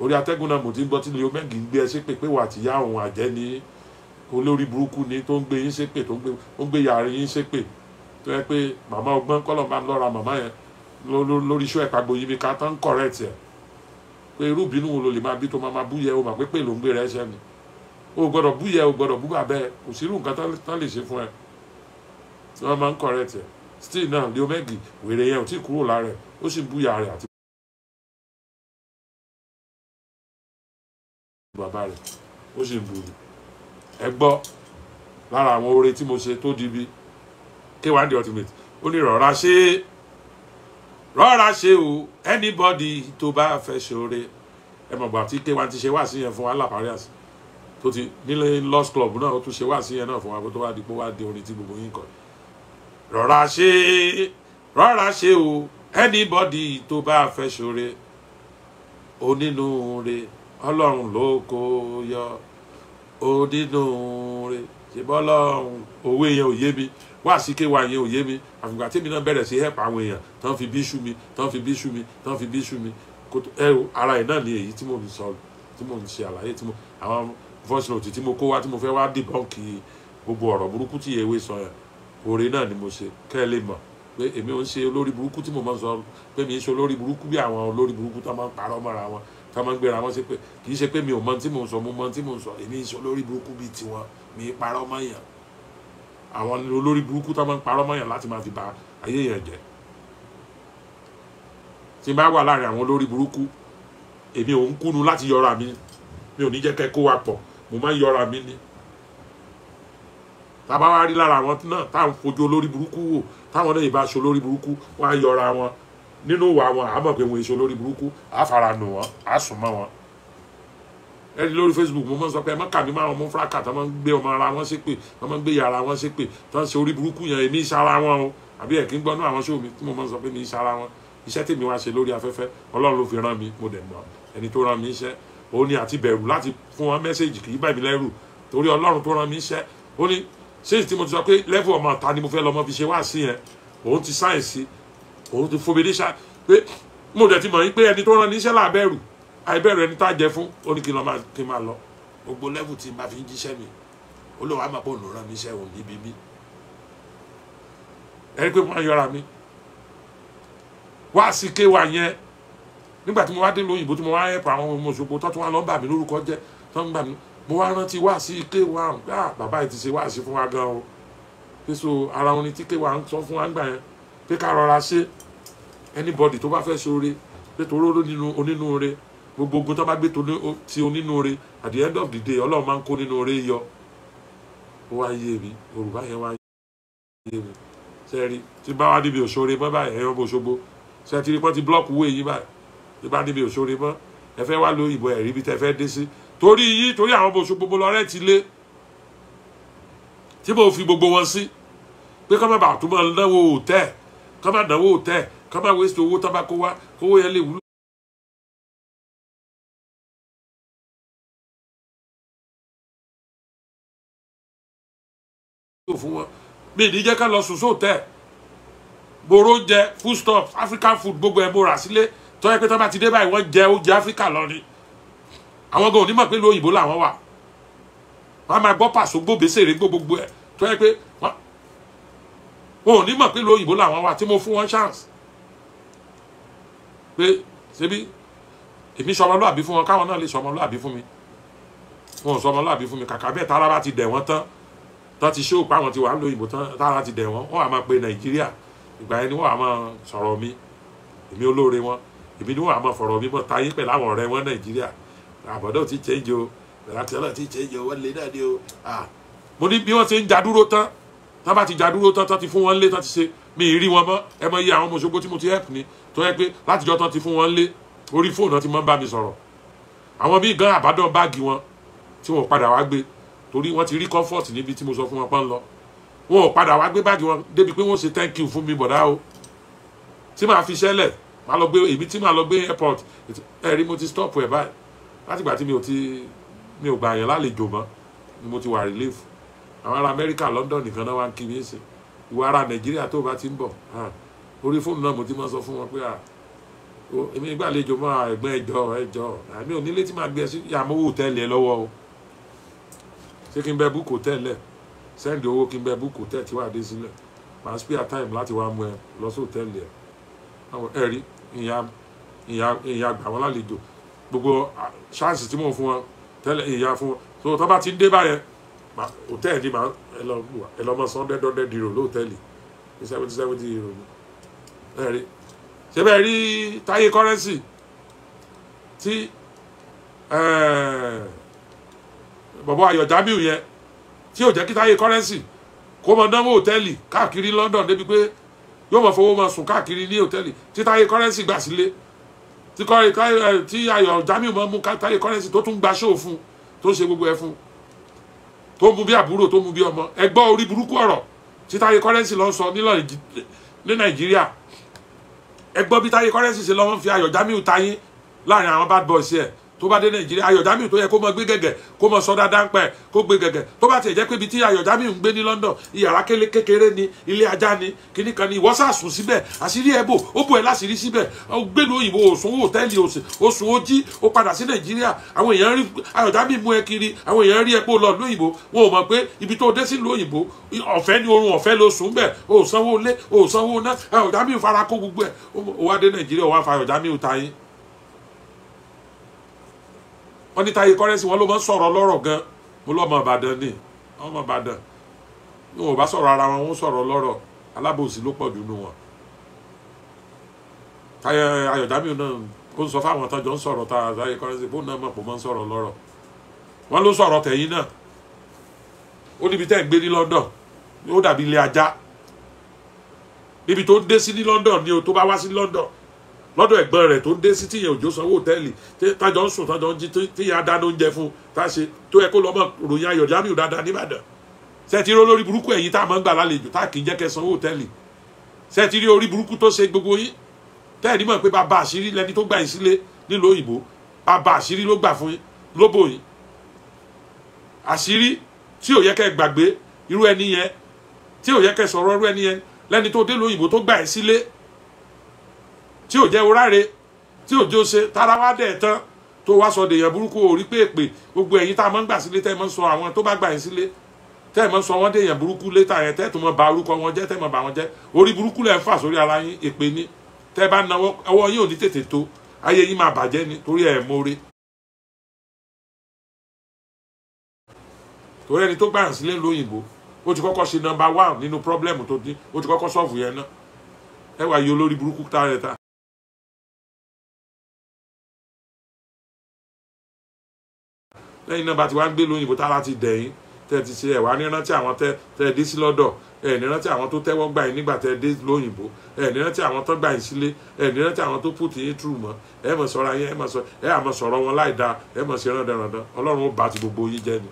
orí atẹ́gùn náà mo ti ń gbọ́ tí lóyún bẹ́ǹkì ń gbé ẹ ṣépè pé wà á ti yá òun àjẹ́ ní olórí burúkú ni tó ń gbé yín ṣépè tó ń gbé yàrá yín ṣépè tó yẹ pé màmá ọgbọ́n kọ́lọ̀ máa ń lọ́ra màmá yẹn lórí iṣẹ́ ìpàgbọ́ yìí mi ká tán correct ẹ̀ pé irú ìbínú wo ló lè máa bí tó máa máa bú yẹ o mà pé pè ló ń gbé rẹ ṣẹ́ o gbọ́dọ̀ bú o gbọ́dọ̀ bú bàbá kò sí irú nǹkan tán lè ṣe fún ẹ tí wọ́n máa ń correct ẹ̀ still náà Leo Megi wèrè yẹn ò tí kúrò lára ẹ̀ bàbá rẹ̀ ó sì bù ní ẹ gbọ́ lára àwọn oore tí mo ṣe tó di bí k1 the ultimate ó ní rọra ṣe rọra ṣe o anybody tó bá fẹ́ ṣoore ẹ mọ̀ gbà tí k1 ti ṣe wá sí yẹn fún wa lápárí àsì tó ti nílé lost club náà ó tún ṣe wá sí yẹn náà fún wa kó tó wá di pé wá di orin tí gbogbo yín kọ rọra ṣe rọra ṣe o anybody tó bá fẹ́ ṣoore onínúure. No ọlọ́run ló kó yọ onídùn rẹ̀ ṣe bọ́ ọlọ́run òwe yẹn ò yé mi wá síké wa yẹn ò yé mi àfìgbà tèmi náà bẹ̀rẹ̀ sí hẹ́pà àwọn èèyàn tán fi bí ṣú mi tán fi bí ṣú mi tán fi bí ṣú mi ẹ o ara ẹ̀ náà ni èyí tí mò ń sọ tí mò ń ṣe àlàyé tí mo àwọn voice note tí mo kó wá tí mo fẹ́ wá dìbọ́ǹkì gbogbo ọ̀rọ̀ burúkú tí èwe sọ yẹn òre náà ni mo ṣe kẹ́ ẹ lè mọ̀ pé èmi ò ń ṣe olórí burúkú tí mo máa ń sọ pé mi ń ṣe olórí burúkú bí àwọn olórí burúkú tó máa ń parọ́ mọ́ra wọn tá máa ń gbéra wọn sí pé kì í ṣe pé mi ò mọ tí mò ń sọ mo mọ tí mò ń sọ èmi ń sọ lórí burúkú bíi tiwọn mi ń parọ́ mọ́yàn àwọn olórí burúkú tá máa ń parọ́ mọ́yàn láti máa fi ba ayé yẹn jẹ́ tí n bá wà láàrin àwọn olórí burúkú èmi ò ń kúnu láti yọra mi mi ò ní jẹ́ kẹ́ kó wa pọ̀ mo máa ń yọra mi ni tá a bá wá rí lára àwọn náà táwọn fojú olórí burúkú wò táwọn náà ìbá aṣọ olórí burúkú wọ́n á yọra wọn nínú wa wọn àmọ̀ pé wọn èso lórí burúkú àfarahàn wọn àsùnmọ́ wọn ẹni lórí facebook mo máa ń sọ pé ẹ má kà mí máa mú fúlákà tó máa ń gbé ọmọ ara wọn ṣépè tó máa ń gbé yàrá wọn ṣépè tó ń ṣe orí burúkú yẹn èmi ìṣara wọn o àbí ẹ̀ kí n gbọ́nú àwọn ṣóò mi tí mo máa ń sọ pé mi ìṣara wọn iṣẹ́ tèmi wá ṣe lórí afẹ́fẹ́ ọlọ́run ló fi rán mi mo dẹ̀ mọ́ ẹni tó rán mi iṣẹ́ ó ní àti bẹ̀rù láti fún wọn mẹ́sẹ̀gì kì í bà mí lẹ́rù torí ọlọ́run tó rán mi iṣẹ́ ó ní ṣéèjì tí mo ti sọ pé lẹ́fù ọmọ ta ni mo fẹ́ lọ́mọ fi ṣe wá sí yẹn òun ti sáyẹ̀nsì òun ti fún mi ní ṣá pé mo dẹ̀ ti mọ̀ yín pé ẹni tó rán ní iṣẹ́ àìbẹ̀rù ẹni tá a jẹ fún ó ní kí n lọ kí n máa lọ gbogbo lẹ́fù tí n bá fi ń jíṣẹ́ mi olówó àmọ́ pé òun rán mi iṣẹ́ òun níbi mi ẹni pé mo máa yọra mi wá sí ké wa yẹn nígbà tí mo wá dé lóyìnbó tí mo wá ẹ̀pọ̀ àwọn ọmọ Òṣogbo tó tún wá lọ́ọ́ bà mí lórúkọ jẹ́ tó ń bà mí mo wá rántí wá sí ké wa ah, bàbá yìí ti ṣe wá sí fún wa gan o pé so ara wọn ni tí ké wa ń sọ fún wa ń gbà yẹn pé ká rọra ṣe anybody tó bá fẹ́ ṣe oore nítorí oró nínú onínúure gbogbo ogun tó bá gbé ti onínúure at the end of the day ọlọ́run máa ń kó nínú oore yọ ó wá yé mi yorùbá yẹn wá yé mi sẹ́ẹ̀rí tí bá wá níbi òṣòre mọ́ báyìí ẹ̀yàn ọmọ òṣogbo sẹ́ẹ̀tì rí pọ́n ti blọ́ọ̀kù wé yín báyìí tí bá níbi òṣòre mọ́ ẹ fẹ́ wá lo ìbò ẹ̀rí bí tẹ fẹ́ dé sí torí yí torí àwọn ọmọ òṣogbo mo lọ rẹ́ ti lé tí mo fi gbogbo wọn sí pé kọ́ mọ́ bàtúmọ̀ náwó òtẹ́ẹ̀ kán má dánwò tẹ́ kán má wéṣẹ̀ owó tán bá kó wá kówó yẹn lè wúlò. fún ká lọ sùn sóòtẹ́ boro jẹ food stop african food gbogbo ẹ̀ mo rà sílé tọ́ ẹ pé tọ́ bá ti dé báyìí wọ́n jẹ oúnjẹ africa lọ ni àwọn gan onímọ̀ pé lóyìnbó làwọn wà wọ́n á máa gbọ́ pàṣọ gbòbèsè rẹ̀ gbogbo ẹ̀ tọ́ ẹ pé wọn ò ní mọ̀ pé lóyìnbó làwọn wà tí mo fún wọn chance pé ṣebí èmi sọmọlúàbí fún wọn káwọn náà lè sọmọlúàbí fún mi wọn ò sọmọlúàbí fún mi kàkà bẹ́ẹ̀ tára bá ti dẹ̀ wọ́n tán tán ti ṣóòpá àwọn ti wà lóyìnbó tán tára ti dẹ̀ wọ́n wọn à máa pe nàìjíríà ìgbà yẹn ni wọn à máa sọ̀rọ̀ mi èmi olóore wọn èmi ni wọn à máa fọ̀rọ̀ mi mọ̀ táyé pẹ̀lú àwọn ọ̀rẹ́ wọn nàìjíríà àbọ̀dọ̀ ti change o bẹ̀rẹ̀ àti ọlọ́ọ̀ ti change o wọ́n lé náà ni o mo ní bí wọ́n ti ń jadúró tán tán bá ti jàdúró tán tán ti fún wọn lé tán ti ṣe mi ì rí wọn mọ́ ẹ mọ iye àwọn ọmọ Òṣogbo tí mo ti help ni tó yẹ pé látijọ́ tán ti fún wọn lé orí fóònù náà ti máa ń bá mi sọ̀rọ̀ àwọn bíi gan àbádọ́ báàgì wọn tí wọn ò padà wá gbé torí wọn ti rí comfort níbi tí mo sọ fún wọn pọ́n lọ wọn ò padà wá gbé báàgì wọn débi pé wọn ṣe thank you fún mi bọ̀dá o tí màá fi ṣẹlẹ̀ màá lọ gbé èmi tí màá lọ gbé airport ẹ̀rí mo ti stop ẹ̀ báyìí látìgbà tí mi ò ti mi ò gbà yẹn lálejò mọ́ ni mo ti wà relief àwọn ará amẹ́ríkà london nìkan náà wá ń kí mi sí ìwà ara nàìjíríà tó bá ti ń bọ̀ orí fóònù náà mo ti máa sọ fún wọn pé èmi gbàlejò mọ́ ẹ̀gbọ́n ẹ̀jọ́ ẹ̀jọ́ àmì onílé tí màá gbé sí yàmówó tẹ́lẹ̀ lọ́wọ́ o ṣé kí n bẹ búkò tẹ́lẹ̀ sẹ́ndì owó kí n bẹ búkò tẹ́ tí wàá dé sílẹ̀ màá spare time láti wá mú ẹ lọ sí òtẹ́ẹ̀lì ẹ ẹ̀rí ìyá ìyá ìyá gbà wọ́n lálejò gbogbo ṣáàṣì tí mò ń fún wọn tẹ́lẹ̀ ìyá fún wọn tó tọ́ bá ti dé báyẹn hotel hòtẹ́ẹ̀lì máa ẹ lọ ẹ lọ mọ hundred hundred euro lóòtẹ́ẹ̀lì ní seventy seventy euro ni ẹ rí ṣé bẹ́ẹ̀ rí currency. kọ́rẹ́nsì tí eh, bọ̀bọ̀ ayọ̀jábíù yẹn tí ò jẹ́ kí táyé currency. kó mọ dánwó hòtẹ́ẹ̀lì káàkiri London débi pé yóò mọ fowó mọ sùn káàkiri ní hòtẹ́ẹ̀lì tí táyé kọ́rẹ́nsì gbà sílé tí ayọ̀jábíù mọ mú táyé kọ́rẹ́nsì tó tún gba ṣóò fún tó ṣe gbogbo ẹ fún un tó mú bí àbúrò tó mú bí ọmọ ẹgbọ́ orí burúkú ọ̀rọ̀ tí Táyé Currency lọ sọ nílọ ní Nàìjíríà ẹgbọ́ bí Táyé Currency ṣe lọ́wọ́ fi Ayọ̀ Jamiu Táyé láàrin àwọn bad boys yẹn tó bá dé nàìjíríà ayọ̀jámíù tó yẹ kó mọ gbé gẹ̀gẹ̀ kó mọ sọ dáadáa ń pẹ́ kó gbé gẹ̀gẹ̀ tó bá tiẹ̀ jẹ́ pé ibi tí ayọ̀jámíù ń gbé ní london iyàrá kékeré ni ilé ajá ni kíní kan ni ìwọ sàsùn síbẹ̀ àṣírí ẹ̀ bò ó bò ẹ̀ láṣìírí síbẹ̀ ó gbé ní òyìnbó òsùn hòtẹ́ẹ̀lì òsùn ó jí ó padà sí nàìjíríà àwọn èèyàn rí ayọ̀jámíù mú ẹ kiri àwọn èèyàn rí epo lọ lóyìnbó wọn ò mọ̀ pé ibi tó dé sí lóyìnbó ọ̀fẹ́ ni oorun ọ̀fẹ́ ló sùn bẹ̀ o ò sanwó ilé o ò sanwó ná ayọ̀jámíù fara kó gbogbo ẹ̀ ó wá dé nàìjíríà ó wá fa ayọ̀jámíù ta yín wọ́n ní táyé kọ́rẹ́sì wọn ló mọ́ sọ̀rọ̀ lọ́rọ̀ gan mo lọ́mọ ìbàdàn ni ọmọ ìbàdàn ní wọn ò bá sọ̀rọ̀ ara wọn wọ́n sọ̀rọ̀ lọ́rọ̀ alábòsí ló pọ̀ jù nù wọn. táyé ayọ̀dámì náà ó ń sọ fáwọn tán jọ ń sọ̀rọ̀ tá táyé kọ́rẹ́sì bó náà mọ̀ pé mọ́ ń sọ̀rọ̀ lọ́rọ̀ wọ́n ló sọ̀rọ̀ tẹ̀yìn náà ó níbi tẹ́ ẹ̀ gbé ní London ó dàbí ilé ajá níbi tó dé sí ní London ni o tó bá wá sí London lọ́dọ̀ ẹ̀gbọ́n rẹ̀ tó dé sí tíyẹn òjò sanwó òtẹ́ẹ̀lì tájọ ń sùn tájọ ń jí tíyẹn adáná oúnjẹ fún tá a ṣe tó yẹ kó lọ́mọ ròyìn ayọ̀ Jamiu dáadáa nìbàdàn sẹ́ẹ̀tì rí olórí burúkú ẹ̀yìn tá a máa ń gbà lálejò tá a kì í jẹ́ kẹ́ sanwó òtẹ́ẹ̀lì sẹ́ẹ̀tì rí orí burúkú tó ṣe gbogbo yín tẹ́ẹ̀rí mọ̀ pé bàbá àṣírí lẹni tó gbà yín sílé nílùú òyìnbó bàbá àṣírí ló gbà tí ò jẹ́ oráre tí ò jó ṣe tara wá dẹ̀ tán tó wá sọ dèèyàn burúkú orí pé èpè gbogbo ẹ̀yin tá a mọ̀ ń gbà sílé tẹ́ ẹ mọ̀ ń sọ àwọn tó bá gbà yín sílé tẹ́ ẹ mọ̀ ń sọ wọ́n dèèyàn burúkú létà yẹn tẹ́ ẹ tún mọ̀ bà orúkọ wọn jẹ́ tẹ́ ẹ mọ̀ bà wọn jẹ́ orí burúkú lẹ́ ń fà sórí ara yín èpè ni tẹ́ ẹ bá nawọ́ ọwọ́ yín ò ní tètè tó ayé yín máa bàjẹ́ ni torí ẹ̀ mọ́re. torí ẹni tó gbà sílé lóyìnbó ó ti kọ́kọ́ ṣe nọmba one nínú pírọ́blẹ́mù tó dín ó ti kọ́kọ́ sọ́ọ̀fù yẹn náà ẹ wà lẹ́yìn náà bá ti wá ń gbé lóyìnbó tára ti dẹ̀yìn tẹ́ ti ṣe ẹ̀ wá ní rántí àwọn tẹ́ dé sí lọ́dọ̀ ẹ̀ ní rántí àwọn tó tẹ́wọ́ gbà yín nígbà tẹ́ dé lóyìnbó ẹ̀ ní rántí àwọn tó gbà yín sílé ẹ̀ ní rántí àwọn tó pùtì yín túrù mọ́ ẹ̀ mọ̀ sọ̀rọ̀ yín ẹ̀ mọ̀ sọ̀rọ̀ wọn láì dáa ẹ̀ mọ̀ ṣe rán dandan ọlọ́run ó bá ti gbogbo yín jẹ́ ni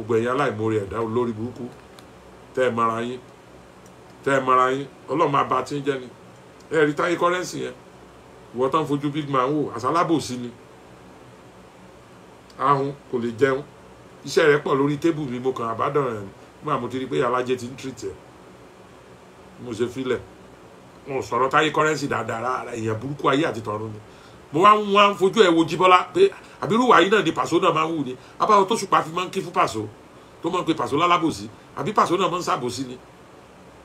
gbogbo ẹ̀yin aláìmoore ẹ̀dá olórí burúkú tẹ́ ẹ mara yín tẹ́ ẹ mara yín ọlọ́run máa ba tí ń jẹ́ ni ẹ rí táyé kọ́rẹ́ǹsì yẹn ìwọ tán fojú big man wò àsálábòsí ni ahun kò lè jẹun iṣẹ́ rẹ̀ pọ̀ lórí tébù mi mo kàn àbádọ́rẹ̀ rẹ̀ nígbà mo ti rí pé alájẹ ti ń tìrìtì ẹ̀ mo ṣe filẹ̀ wọn sọ̀rọ̀ táyé kọ́rẹ́ǹsì dáadáa rárá èèyàn burúkú ayé àti tọ̀run ni mo wá ń wá ń fojú ẹ̀ wo Jíbọ́lá pé àbírú wàyí náà ni Pàṣọ náà máa ń wù ni abáwọn tó ṣùpá fi máa ń kí fún Pàṣọ tó máa ń pe Pàṣọ lálábòsí àbí Pàṣọ náà máa ń ṣàbòsí ni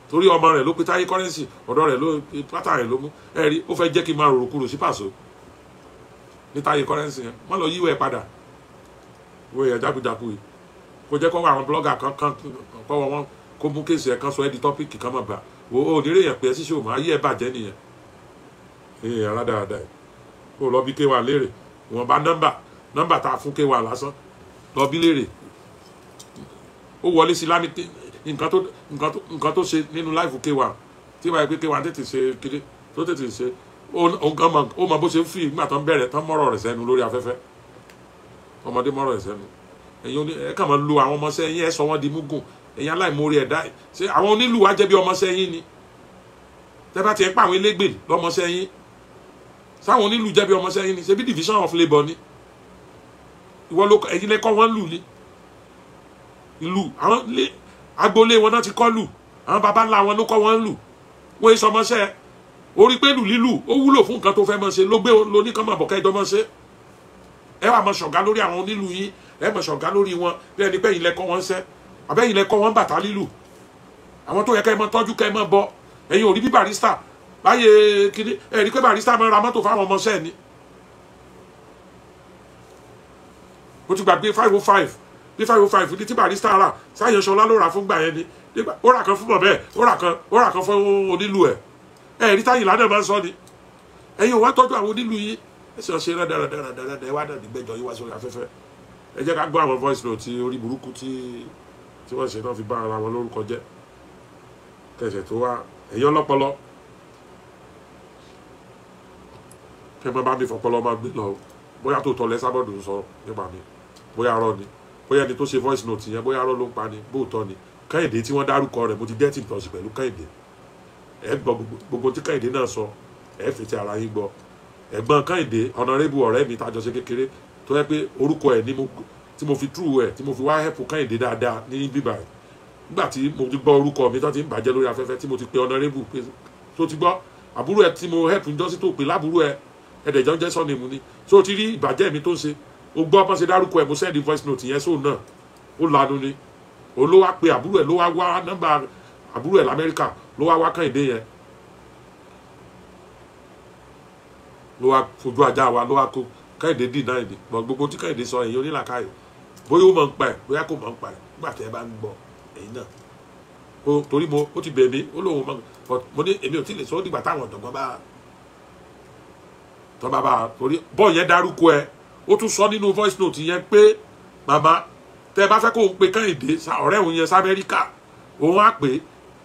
torí ọmọ rẹ̀ ló pe Táyé Currency ọ̀dọ̀ rẹ̀ ló pátá rẹ̀ ló mú ẹ rí ó fẹ́ jẹ́ kí n máa rorò kúrò sí Pàṣọ ní Táyé Currency yẹn má lọ yíwẹ̀ padà wo èèyàn jákujáku yìí kò jẹ́ kó wọ àwọn blọ́gà kan kan kọ́ wọn kó mú kéèsì ẹ̀ kan sọ ẹ́ di tọ́pìkì kan mọ̀ gbà wo onírèyàn pé ẹ ṣíṣe òmò ayé ẹ̀ bàjẹ́ nìyẹn èèyàn rádaràda yìí kó lọ bí kéwà léèrè wọn bá nọ́mbà nọ́mbà tá a fún kéwà lásán lọ bí léèrè ó wọlé sí lámì nǹkan tó nǹkan tó nǹkan tó ṣe nínú láìfù kéwà tí wàá pé kéwà tètè ṣe kéde tó tètè ṣe ó nǹkan mọ ó mọ bó ṣe ń fi ìgbà tó ń bẹ̀rẹ̀ tán mọ́rọ̀ rẹ̀ sẹ́nu lórí afẹ́fẹ́ ọmọdé mọ́rọ̀ rẹ̀ sẹ́nu ẹ̀yin oní ẹ̀ kàn máa lu àwọn ọmọọṣẹ́ yín ẹ̀ sọ wọ́n di múgùn ẹ̀yin aláìmoore ẹ̀dá ṣe àwọn onílù wa jẹ́ bí ọmọọṣẹ́ yín ni tẹ́ bá ti pa àwọn elégbè lọ́mọọṣẹ́ yín sáwọn onílù jẹ́bi ọmọọṣẹ́ yín ni ṣebí division of labour ni ìwọ ló ẹ̀yin lẹ́kọ́ wọn lù ní ìlú àwọn lé agboolé wọn náà ti kọ́ lù àwọn baba ńlá wọn ló kọ́ wọn lù wọ́n èso ọmọọṣẹ́ orí pé lù lílù ó wúlò fún nǹkan tó fẹ́ mọ̀ ṣe ló gbé lóníkan mọ̀ bọ̀kẹ́ ìdánmọ̀ ṣe ẹ wà mọ̀ ṣọ̀gá lórí àwọn onílù yín ẹ mọ̀ ṣọ̀gá lórí wọn bí ẹni pé ìlẹ̀ kọ́ wọn ṣẹ́ àbẹ́yìn lẹ̀ kọ́ wọn bàtà lílù àwọn tó yẹ kẹ́ ẹ mọ tọ́jú kẹ́ ẹ mọ bọ ẹ̀yin ò rí bí barista láyé kiri ẹ̀rí pé barista máa ra mọ́tò fáwọn ọmọọṣẹ́ ni ó ti gbàgbé five oh five bí five oh five ní tí barista rà sáyẹnṣọlá ló rà fún gbà yẹn ni ó rà kan fún bọ̀ bẹ́ẹ̀ ó rà kan ó rà kan fún onílù ẹ̀ ẹ̀rí táyìnlá náà máa ń sọ ni ẹ̀yin ò wá tọ́jú àwọn onílù yìí ẹsẹ̀ ọ̀sẹ̀ náà dáradára ẹ wá náà nígbẹ́jọ yìí wá sórí afẹ́fẹ́ ẹ jẹ́ ká gbọ́ àwọn voice note ti orí burúkú tí tí wọ́n ṣe náà fi bá ara wọn lórúkọ jẹ́ kẹsẹ̀ tó wá ẹ̀yọ́ lọ́pọlọ kẹgbẹ́ bá ní fọpọlọ máa gbé lọ bóyá tó tọ́ lẹ́sàbọ̀dù ń sọ nípa mi bóyá arọ ni bóyá ẹni tó ṣe voice note yẹn bóyá arọ ló ń pa ni bóòtọ́ ni kẹ́hìndé tí wọ́n dárúkọ rẹ̀ mo ti dẹ́tì ìtọ́sí pẹ̀lú kẹ́hìndé ẹ gbọ́ gbogbo tí kẹ́hìndé náà sọ ẹ fètè ara yín gbọ́ ẹ̀gbọ́n kẹ́hìndé honorable ọ̀rẹ́ mi tàjọ ṣe kékeré tó yẹ pé orúkọ ẹ̀ tí mo fi true ẹ̀ tí mo fi wá help kẹ́hìndé dáadáa ní bíbá ẹ̀ nígbà tí mo ti gbọ́ orúkọ mi tó ti ń bàjẹ́ lórí afẹ́fẹ́ tí mo ti pe honorable pé tó ti gbọ́ àbúrò ẹ̀ tí mo help ń jọ́sí tó pè lábúrò ẹ̀ ẹ̀dẹ̀ jọ jẹ́ sọ́ni mu ni so ti rí ìbàjẹ́ mi tó ń ṣe o gbọ́ bọ́n ṣe dárúkọ ẹ̀ mo sẹ́ẹ̀dì voice note yẹn sóun náà ó lanu ni òun ló wá pe àbúrò ẹ̀ ló wá wá nọ́mbà àbúrò ẹ̀ lamẹ́ríkà ló wá wá kàn ìdé yẹn ló wá fojú ajá wa ló wá kó kẹ́hìndé dì náà ìdè mọ gbogbo tí kẹ́hìndé sọ èyí onílàkàyè bóyá ó mọ̀ ń pa ẹ̀ bóyá kò mọ̀ ń pa ẹ̀ nígbà tí ẹ bá ń gbọ́ èyí náà o torí mo ó ti bẹ̀ mí ó lóun mọ̀ mo ní èmi ò tí ì lè sọ ó dìgbà táwọn ọ̀dọ́gbọ́n bá tó bàbá torí bọ́ọ̀ yẹn dárúkọ ẹ ó tún sọ nínú voice note yẹn pé màmá tẹ ẹ bá fẹ́ kó o pe kẹ́hìndé ọ̀rẹ́ òun yẹn sámẹ́ríkà òun á pè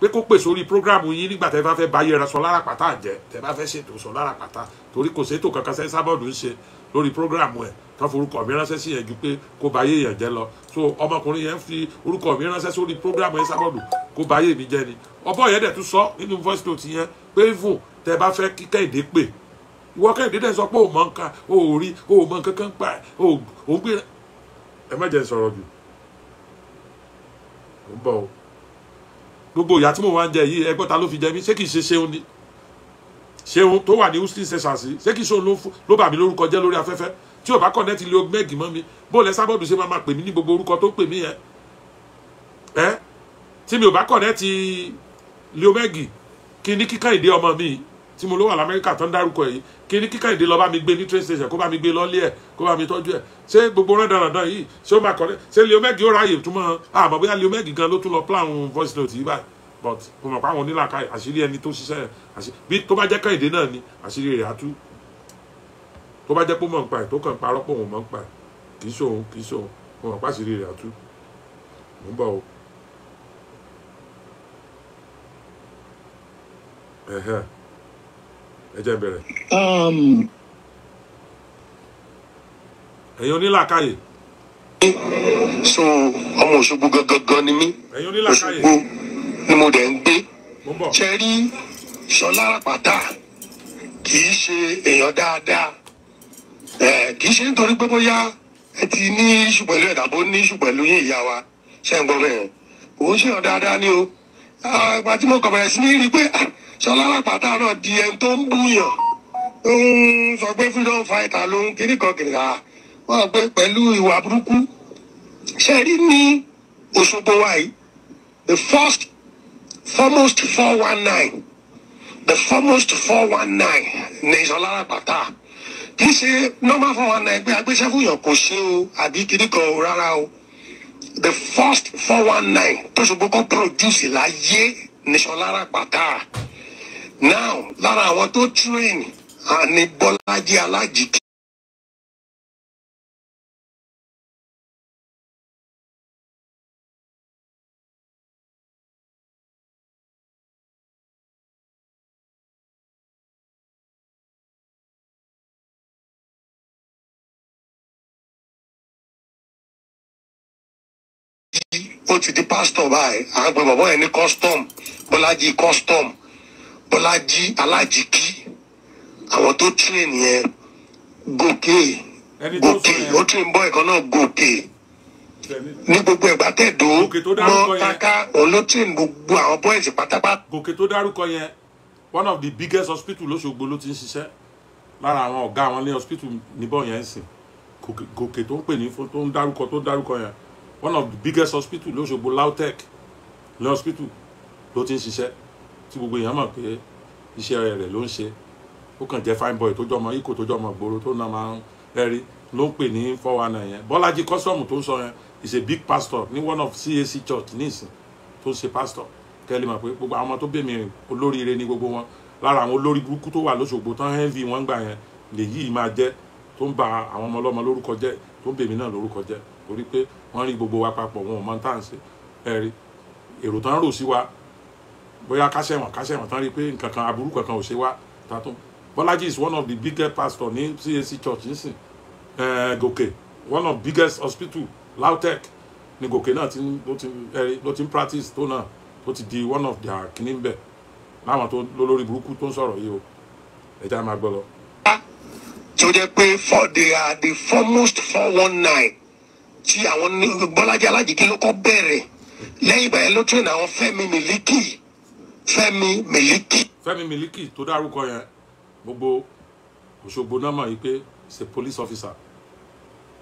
pé kó pè sórí program yín nígbà tẹ bá fẹ́ báyé ra sọ lára pàtà jẹ tẹ bá fẹ́ ṣètò sọ lára pàtà torí kò sétò kankan sẹ́ sábọ̀dù ń ṣe lórí program ẹ tó forúkọ mi ránṣẹ́ sí yẹn ju pé kó ba ayé yẹn jẹ lọ so ọmọkùnrin yẹn fi orúkọ mi ránṣẹ́ sórí program yẹn sábọ̀dù kó ba ayé mi jẹ ni ọbọ̀ yẹn dẹ̀ tún sọ nínú voice note yẹn pé fún tẹ bá fẹ́ kí Kẹ́hìndé pè ìwọ kẹ́hìndé dẹ̀ sọ pé ò nǹkan ò rí ò nǹkan kan pa ò gbé ẹ má jẹ́ sọ̀rọ̀ jù ò ń bọ̀ o gbogbo ìyá tí mo wá ń jẹ yìí ẹgbọ́ta ló fi jẹ mí ṣé kìí ṣe ṣeun ni ṣeun tó wà ní houston sessions ṣé kìí ṣeun ló bà mí lórúkọ jẹ́ lórí afẹ́fẹ́ tí ò bá connect lé ogbẹ́gì mọ́ mi bó lẹ sábọ́ọ̀dù ṣe máa pè mí ní gbogbo orúkọ tó pè mí yẹn ẹ tí mi ò bá connect lé ogbẹ́gì kí ní kíkà ìdí ọmọ mi tí mo ló wà lamẹ́ríkà tó ń dárúkọ yìí kí ní kíkà ìdí lọ bá mi gbé ní train station kó bá mi gbé lọ́lé ẹ̀ kó bá mi tọ́jú ẹ̀ ṣé gbogbo rán dandan yìí ṣé ó máa kọ́ ṣé leo meg yóò ráàyè túmọ̀ àmọ́ bóyá leo gan ló tún lọ plan voice note yìí báyìí but mo mọ̀ pé àwọn onílàkà àṣírí ẹni tó ṣiṣẹ́ bí tó bá jẹ́ káyìdé náà ni àṣírí rẹ̀ á tú tó bá jẹ́ pé mọ̀ ń pa ẹ̀ tó kàn parọ́ pé òun mọ̀ ń Uh-huh ẹ jẹ́ bẹ̀rẹ̀. Um, ẹ̀yin onílàkàyè. sun ọmọ Òṣogbo gangan ni mí Òṣogbo ni mo dẹ̀ ń gbé ṣẹ́rí Ṣọlá Àpàtà kì í ṣe èèyàn dáadáa kì í ṣe nítorí pé bóyá ẹ ti ní iṣu pẹ̀lú ẹ̀dá bó ní iṣu pẹ̀lú yín ìyá wa ṣe ń gbọ́ bẹ́ẹ̀ òun ṣèyàn dáadáa ni o àgbà ah, tí mo kọ̀ bẹ̀rẹ̀ sí ní rí i pé ah, ṣọlọ́wọ́ pàtà náà di ẹni tó ń búyàn tó ń sọ pé freedom fighter ló ń kiri kan kiri ha wọ́n pé pẹ̀lú ìwà burúkú ṣe rí ní Òṣogbo wa yìí the first foremost four one nine the foremost four one nine ní ìṣọlára pàtà kì í ṣe normal four one nine pé agbésẹ́fúnyàn kò ṣe o àbí kiri kan o rárá o the first four one nine tó ṣùgbọ́n kó produce láyé ní ìṣọlára pàtà now lára àwọn tó train ni Bọ́lájí Alájì ó ti di pásítọ̀ báyìí à ń pe bàbá yẹn ní custom Bọ́lájí custom bọ́lájí alájíkí àwọn tó train yẹn gòkè gòkè ó train boy kan náà gòkè ní gbogbo ìgbà tẹ̀dó mọ́ káká òun ló train gbogbo àwọn boys pátápátá. gòkè tó dárúkọ yẹn one of the biggest hospital lọ́sọ̀gbọ̀ ló ti ń ṣiṣẹ́ lára àwọn ọ̀gá àwọn ilé hospital níbọ̀ yẹn ń sìn gòkè tó ń pè ní tó ń dárúkọ tó dárúkọ yẹn one of the biggest hospital lọ́sọ̀gbọ̀ LAUTECH ilé hospital ló ti ń ṣiṣẹ́ tí gbogbo èèyàn mọ̀ pé iṣẹ́ rẹ̀ ló ń ṣe ó kàn jẹ́ fine boy tó jọmọ ikọ̀ tó jọmọ gbòòrò tó náà máa ń rẹ́rí ló ń pè ní four one nine yẹn bọ́lájí kọ́sọ́ọ̀mù tó ń sọ yẹn is a big pastor ní one of CAC church nísìn tó ń ṣe pastor kẹ́lí mọ̀ pé gbogbo àwọn ọmọ tó bèmí rìn olóríire ní gbogbo wọn lára àwọn olórí burúkú tó wà lóṣogbo tán heavy wọn gbà yẹn lèyí máa jẹ́ tó ń ba àwọn ọmọ ọlọ́mọ lórúkọ jẹ́ tó ń bèmí náà lórúkọ jẹ́ wa bóyá kásẹ̀wọ̀n kásẹ̀wọ̀n tán rí i pé nǹkan kan aburú kankan ò ṣe wá tàtún Bọ́lájí is one of the biggest pastors ní CAC church nísìn eh, gòkè one of biggest hospital LAUTECH ni gòkè náà eh, ló ti ń practice tó náà tó ti di one of their kìíní bẹ̀ láwọn tó lólórí burúkú tó ń sọ̀rọ̀ yìí o ẹ̀já máa gbọ́ lọ. tó jẹ́ pé for they are the foremost four one nine tí àwọn Bọ́lájí Alájì kí ló kọ́ bẹ̀rẹ̀ lẹ́yìn ìgbà ló tún àwọn Fẹ́mi Miliki Fẹ́mi Miliki. Fẹ́mi Miliki tó dárúkọ yẹn gbogbo Òṣogbo náà mọ̀ yìí pé ṣe police officer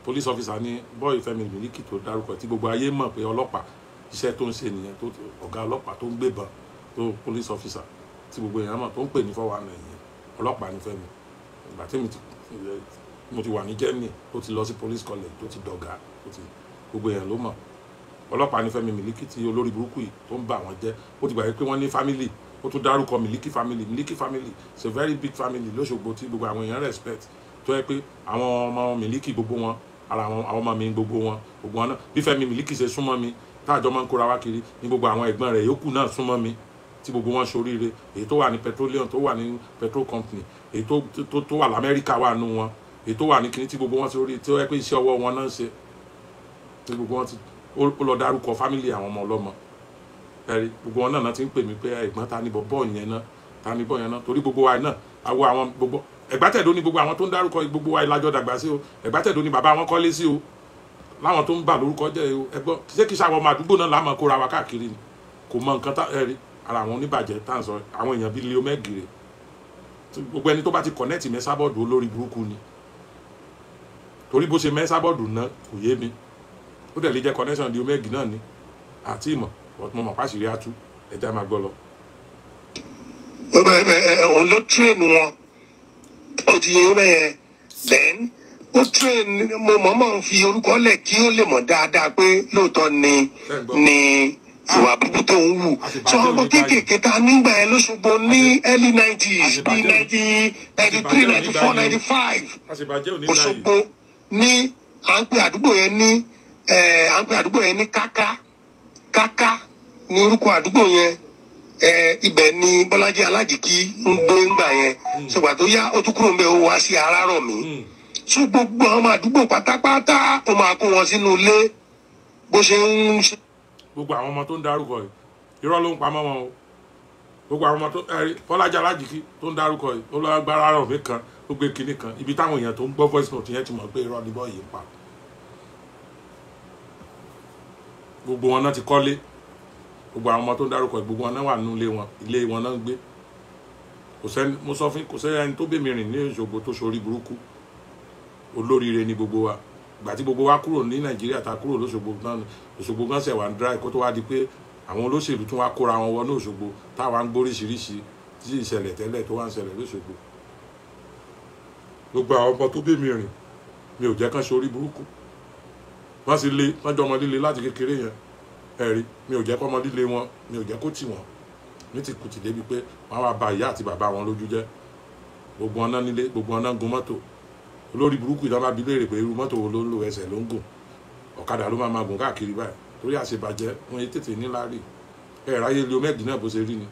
police officer ni bọ́ọ̀ì Fẹ́mi Miliki tó dárúkọ tí gbogbo ayé mọ̀ pé ọlọ́pàá iṣẹ́ tó ń ṣe nìyẹn tó ọ̀gá ọlọ́pàá tó ń gbébọn tó police officer tí gbogbo èèyàn mọ̀ tó ń pè ní fọwọ́ àná yìí ọlọ́pàá ní Fẹ́mi ìgbà tí mo ti wà ní Germany ó ti lọ sí police college tó ti dọ̀gá gbogbo èèyàn ló mọ̀ ọlọ́pàá ní Fẹ́mi Miliki tí olórí burúkú yìí tó ń bà wọ́n jẹ́ ó ti gbàgbé pé wọ́n ní family ó tún dárúkọ Miliki family Miliki family it's a very big family lóṣogbo tí gbogbo àwọn èèyàn respect tó yẹ pé àwọn ọmọ Miliki gbogbo wọn ara àwọn ọmọ mi gbogbo wọn gbogbo wọn náà bí Fẹ́mi Miliki ṣe súnmọ́ mi táàjọ máa ń kóra wá kiri ní gbogbo àwọn ẹ̀gbọ́n rẹ̀ yòókù náà súnmọ́ mi tí gbogbo wọn ṣoríire èyí tó wà ní petroleum tó wà ní petrol company èyí tó wà lamẹ́ríkà wà nù wọn èyí tó wà ní kinní tí gbogbo wọn ṣe orí tí ó yẹ pé iṣẹ́ ọwọ́ wọn náà ń ṣe tí gbogbo wọn ti ó lọ dárúkọ fámìlì àwọn ọmọ ọlọ́mọ ẹ̀rí gbogbo wọn náà ti ń pè mí pé ẹ̀gbọ́n ta ni bọ́ọ̀ yẹn náà ta ni bọ́ọ̀ yẹn náà torí gbogbo wa náà àwọ àwọn gbogbo ẹ̀gbátẹ̀dó ni gbogbo àwọn tó ń dárúkọ gbogbo wa ìlàjọ dàgbà sí o ẹ̀gbátẹ̀dó ni bàbá wọn kọ́lé sí o láwọn tó ń bà lórúkọ jẹ́ o ẹgbọ́n ṣé kìí ṣàwọn ọmọ àdúgbò náà láàmú kóra wa káàkiri ni kò mọ nǹkan tá ẹ̀rí ara àwọn oníbàjẹ́ tá à ń sọ àwọn èèyàn bíi leo mẹ́gìrì gbogbo ẹni tó bá ti kọ̀nẹ́ẹ̀tì mẹ́sábọ́ọ̀dù olórí burúkú ni torí bó ṣe mẹ́sábọ́ọ̀dù náà kò yé mi ó dẹ̀ lè jẹ́ connection di omegi náà ni àti ìmọ̀ but mo mọ̀ páṣírí atú ẹja máa gbọ́ lọ. òun ló train wọn òdì yìí rẹ̀ then ó train mo mọ̀ mọ̀ ń fi orúkọ lẹ̀ kí ó lè mọ̀ dáadáa pé lóòótọ́ ni ni ìwà burúkú tó ń wù sọ ọmọ kéékèèké ta nígbà yẹn lóṣogbo ní early nineties bíi nineteen ninety three ninety four ninety five Òṣogbo ní à ń pè àdúgbò yẹn ní à ń pè àdúgbò yẹn ní káká káká ní orúkọ àdúgbò yẹn eh, ni bọlaji alajiki ń gbé ńgbà yẹn ṣùgbọ́n hmm. tó yá ó tún kúrò ńbẹ̀ ó wá sí hmm. gbogbo àwọn ọmọ àdúgbò pátápátá ó wọn sínú ilé bó ṣe ń gbogbo àwọn ọmọ tó ń darúkọ yìí irọ́ ló ń pamọ́ o gbogbo àwọn ọmọ tó eh, tó ń darúkọ kan ó gbé kan ibi táwọn èèyàn tó ń gbọ́ voice yẹn ti mọ̀ pé irọ́ ni bọ́ọ̀ gbogbo wọn náà ti kọ́lé gbogbo àwọn ọmọ tó ń dárúkọ gbogbo wọn náà wà nínú ilé wọn ilé wọn náà ń gbé kò sẹ́ni mo sọ fún kò sẹ́ni tó bèmí rìn ní Òṣogbo tó sorí burúkú olóríire ni gbogbo wa ìgbà tí gbogbo wa kúrò ní Nàìjíríà ta kúrò lóṣogbo náà Òṣogbo gan ṣẹ̀ wá ń dry kó tó wá di pé àwọn olóṣèlú tún wá kóra wọn wọnú Òṣogbo táwa ń gbóríṣiríṣi tí ìṣẹ̀lẹ̀ tẹ́lẹ̀ tó wá ń ṣẹlẹ̀ lóṣogbo gbogbo àwọn ọmọ tó bèmí rìn mi ò jẹ́ kán sorí burúkú bá sì le lọ́jọ́ ọmọ líle láti kékeré yẹn ẹ̀rí mi ò jẹ́ kọ́ ọmọ líle wọn mi ò jẹ́ kó tì wọ́n ní ti kùtì débi pé wọ́n wá ba ìyá àti bàbá wọn lójú jẹ́ gbogbo ọ̀nà nílé gbogbo ọ̀nà gun mọ́tò olórí burúkú ìdá máa bi léèrè pé irú mọ́tò wo ló ń lo ẹsẹ̀ ló ń gùn ọ̀kadà ló máa máa gùn káàkiri báyìí torí àṣebàjẹ́ wọn yé tètè níláàrí ẹ̀ ráyé lé omẹ́gì náà bó ṣe rí ni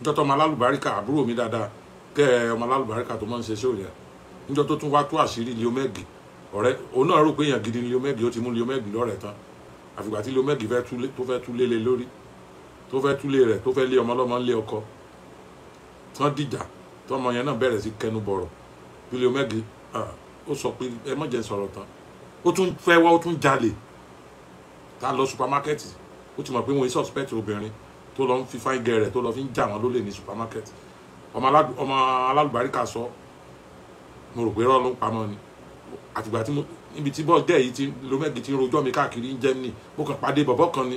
njọ́ tó ọmọ alálùbáríkà àbúrò mi dáadáa kẹ́ ẹ ọmọ alálùbáríkà tó mọ́ ń ṣe ṣé òyà njọ́ tó tún wá tó àṣírí lé omẹ́gì ọ̀rẹ́ òun náà rò pé èèyàn gidi ni leomegi ó ti mú leomegi lọ́rẹ̀ẹ́ tán àfìgbà tí leomegi tó fẹ́ túlé lé lórí tó fẹ́ túlé rẹ̀ tó fẹ́ lé ọmọ ọlọ́mọ lé ọkọ tán dìjà tọmọ yẹn náà bẹ̀rẹ̀ sí kẹnu bọ̀rọ̀ bí leomegi ó sọ pé ẹ má jẹ́ sọ̀rọ̀ tán ó tún fẹ́ wá ó tún jalè tá a lọ supamákẹ́tì ó ti mọ̀ pé wọ́n suspect obìnrin tó lọ ń fi fáin gẹ̀rẹ̀ tó lọ fi ń jà wọ́n lólè ní supamákẹ́tì ọmọ alálùbáríkà sọ mo rò pé rọ́ọ̀lù pamọ́ ni àtìgbà tí mo níbi tí bọ́ọ̀gẹ́ yìí ti lomẹ́gì ti rojọ́ mi káàkiri ní Germany mo kàn pàdé bọ̀bọ́ kan ni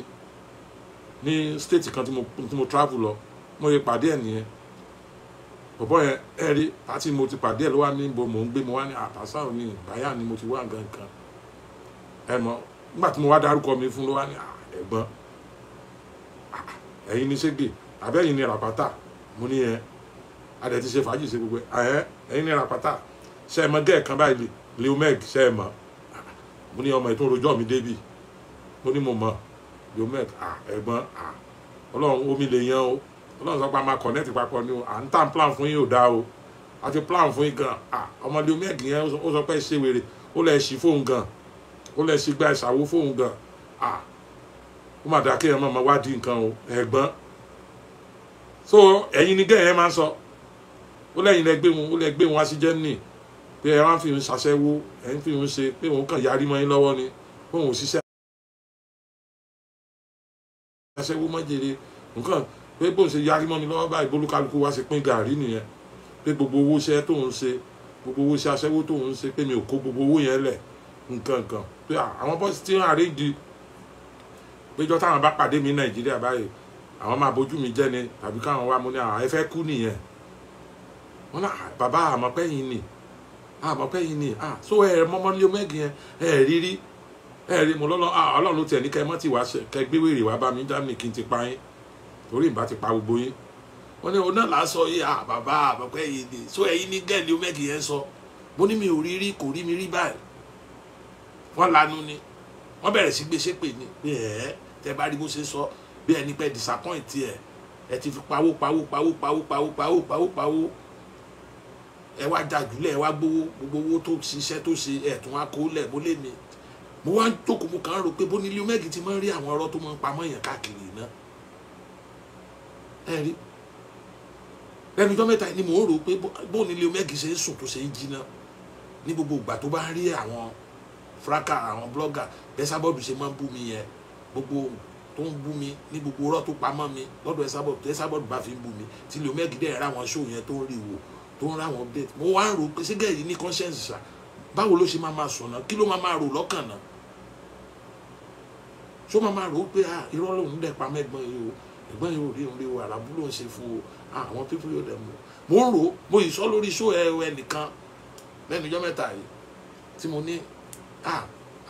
ní state kan tí mo travel lọ mo yẹ pàdé ẹ̀ nìyẹn bọ̀bọ́ yẹn ẹ rí àti mo ti pàdé ẹ̀ ló wà ní ibo mò ń gbé mo wá ní àpàṣà òní ìgbáyà ni mo ti wá gangan ẹ mọ nígbà tí mo wá dárúkọ mi fún ló wá ní ẹ̀gbọ́n ẹ̀yin ní ségè àbẹ́yìn ní ràpátá mo ní yẹn adẹ̀ ti ṣe fàájì ṣe gbogbo ẹ̀ ẹ̀yin ní ràpátá ṣe ẹ̀mọ́gẹ́ kan báyìí leomeg ṣe é mọ̀ mo ní ọmọ ìtún rojọ́ mi débi mo ní mo mọ̀ leomeg ẹ̀gbọ́n ọlọ́run omi lè yan o ọlọ́run sọ pé a máa connect papọ̀ ni o à ń tàn plan fún yín ò dáa o a ti plan fún yín gan ọmọ leomeg yẹn ó sọ pé ṣe wèrè ó lè ṣí fóun gan ó lè ṣí gba ìṣàwó fóun gan ó mà dáa kéèyàn máa wá di nǹkan o ẹ̀gbọ́n so ẹ̀yin ni gẹ́yìn máa ń sọ ó lẹ́yìn lẹ wọn ó lẹ gbé wọn wá sí Germany pé ẹ wá ń fi òun ṣàṣẹwó ẹ ń fi òun ṣe pé òun kàn yarí mọ́ yín lọ́wọ́ ni pé òun ṣiṣẹ́ ṣàṣẹwó mọ́jèrè nǹkan pé bóun ṣe yarí mọ́ ni lọ́wọ́ báyìí bólúkálukú wá ṣe pín gàrí nìyẹn pé gbogbo owó iṣẹ́ tóun ṣe gbogbo owó iṣẹ́ aṣẹ́wó tóun ṣe pé mi ò kó gbogbo owó yẹn lẹ̀ nǹkan kan pé àwọn bọ́sì tí ń di, péjọ táwọn bá pàdé mi nàìjíríà báyìí àwọn máa bójú mi jẹ́ ni tàbí káwọn wá mú ní àwọn ẹ fẹ́ kú nìyẹn wọn náà bàbá àmọ́pẹ́yìn nìyẹn ah bàbá yìí ni ah so ẹ mọmọlé mẹgì yẹn ẹ rírí ẹ rí mo lọ́lọ́ ah ọlọ́run tiẹ̀ ní kẹ́ mọ́tì wá kẹ́ gbé wèrè wá bá mi dá mi kí n ti pa yín torí ìbá ti pa gbogbo yín wọ́n ní oná là sọ yìí ah bàbá bàbá yìí ni so ẹ̀yin ní gẹ́ẹ̀lì mẹ́gì yẹn sọ mo ní mi ò rí rí kò rí mi rí báyìí wọ́n lanu ni wọ́n bẹ̀rẹ̀ sí gbé ṣépè ni pé ẹ̀ tẹ́ bá rí bó ṣe sọ bí ẹni pẹ́ disappoint ẹ̀ ẹ ti fi pawó pawó pawó pawó pawó pawó pawó pawó ẹ wá jajúlẹ̀ ẹ wá gbowó gbogbo owó tó ṣiṣẹ́ tó ṣe ẹ̀tún wá kó lẹ̀ bó lè mi mo wá ń jókòó mo kàn ń rò pé bó ní Leo Meg ti máa ń rí àwọn ọ̀rọ̀ tó máa ń pamọ́ èèyàn káàkiri náà ẹ rí lẹ́nujọ́ mẹ́ta ni mò ń rò pé bó ní Leo Meg ṣe ń sùn tó ṣe ń jiná ní gbogbo ìgbà tó bá ń rí àwọn fraka àwọn blọ́gà bẹ́sàbọ́ọ̀dù ṣe máa ń bú mi yẹn gbogbo tó ń bú mi ní gbogbo ọ̀rọ̀ tó pamọ́ mi lọ́dọ̀ ẹ̀sàbọ̀dù bá fi ń bú mi tí Leo Meg dẹ̀ ra àwọn ṣóò yẹn tó ń rí wò tó ń ráwọn update mo wá ń rò pé ṣé gẹ̀ẹ́yì ní conscience ṣá báwo ló ṣe máa máa sọ̀nà kí ló máa máa rò lọ́kàn náà ṣó máa máa rò ó pé ah, irọ́ lòun dẹ̀ pa mẹ́gbọ́n yìí o ẹ̀gbọ́n yìí ò rí òun rí o àràbù ló ń ṣe fún o ah, àwọn pípọ̀ yóò dẹ̀ mú o mo ń rò ó mo yìí sọ lórí ṣó ẹ eh, ẹnìkan lẹ́nu ọjọ́ mẹ́ta yìí tí mo ní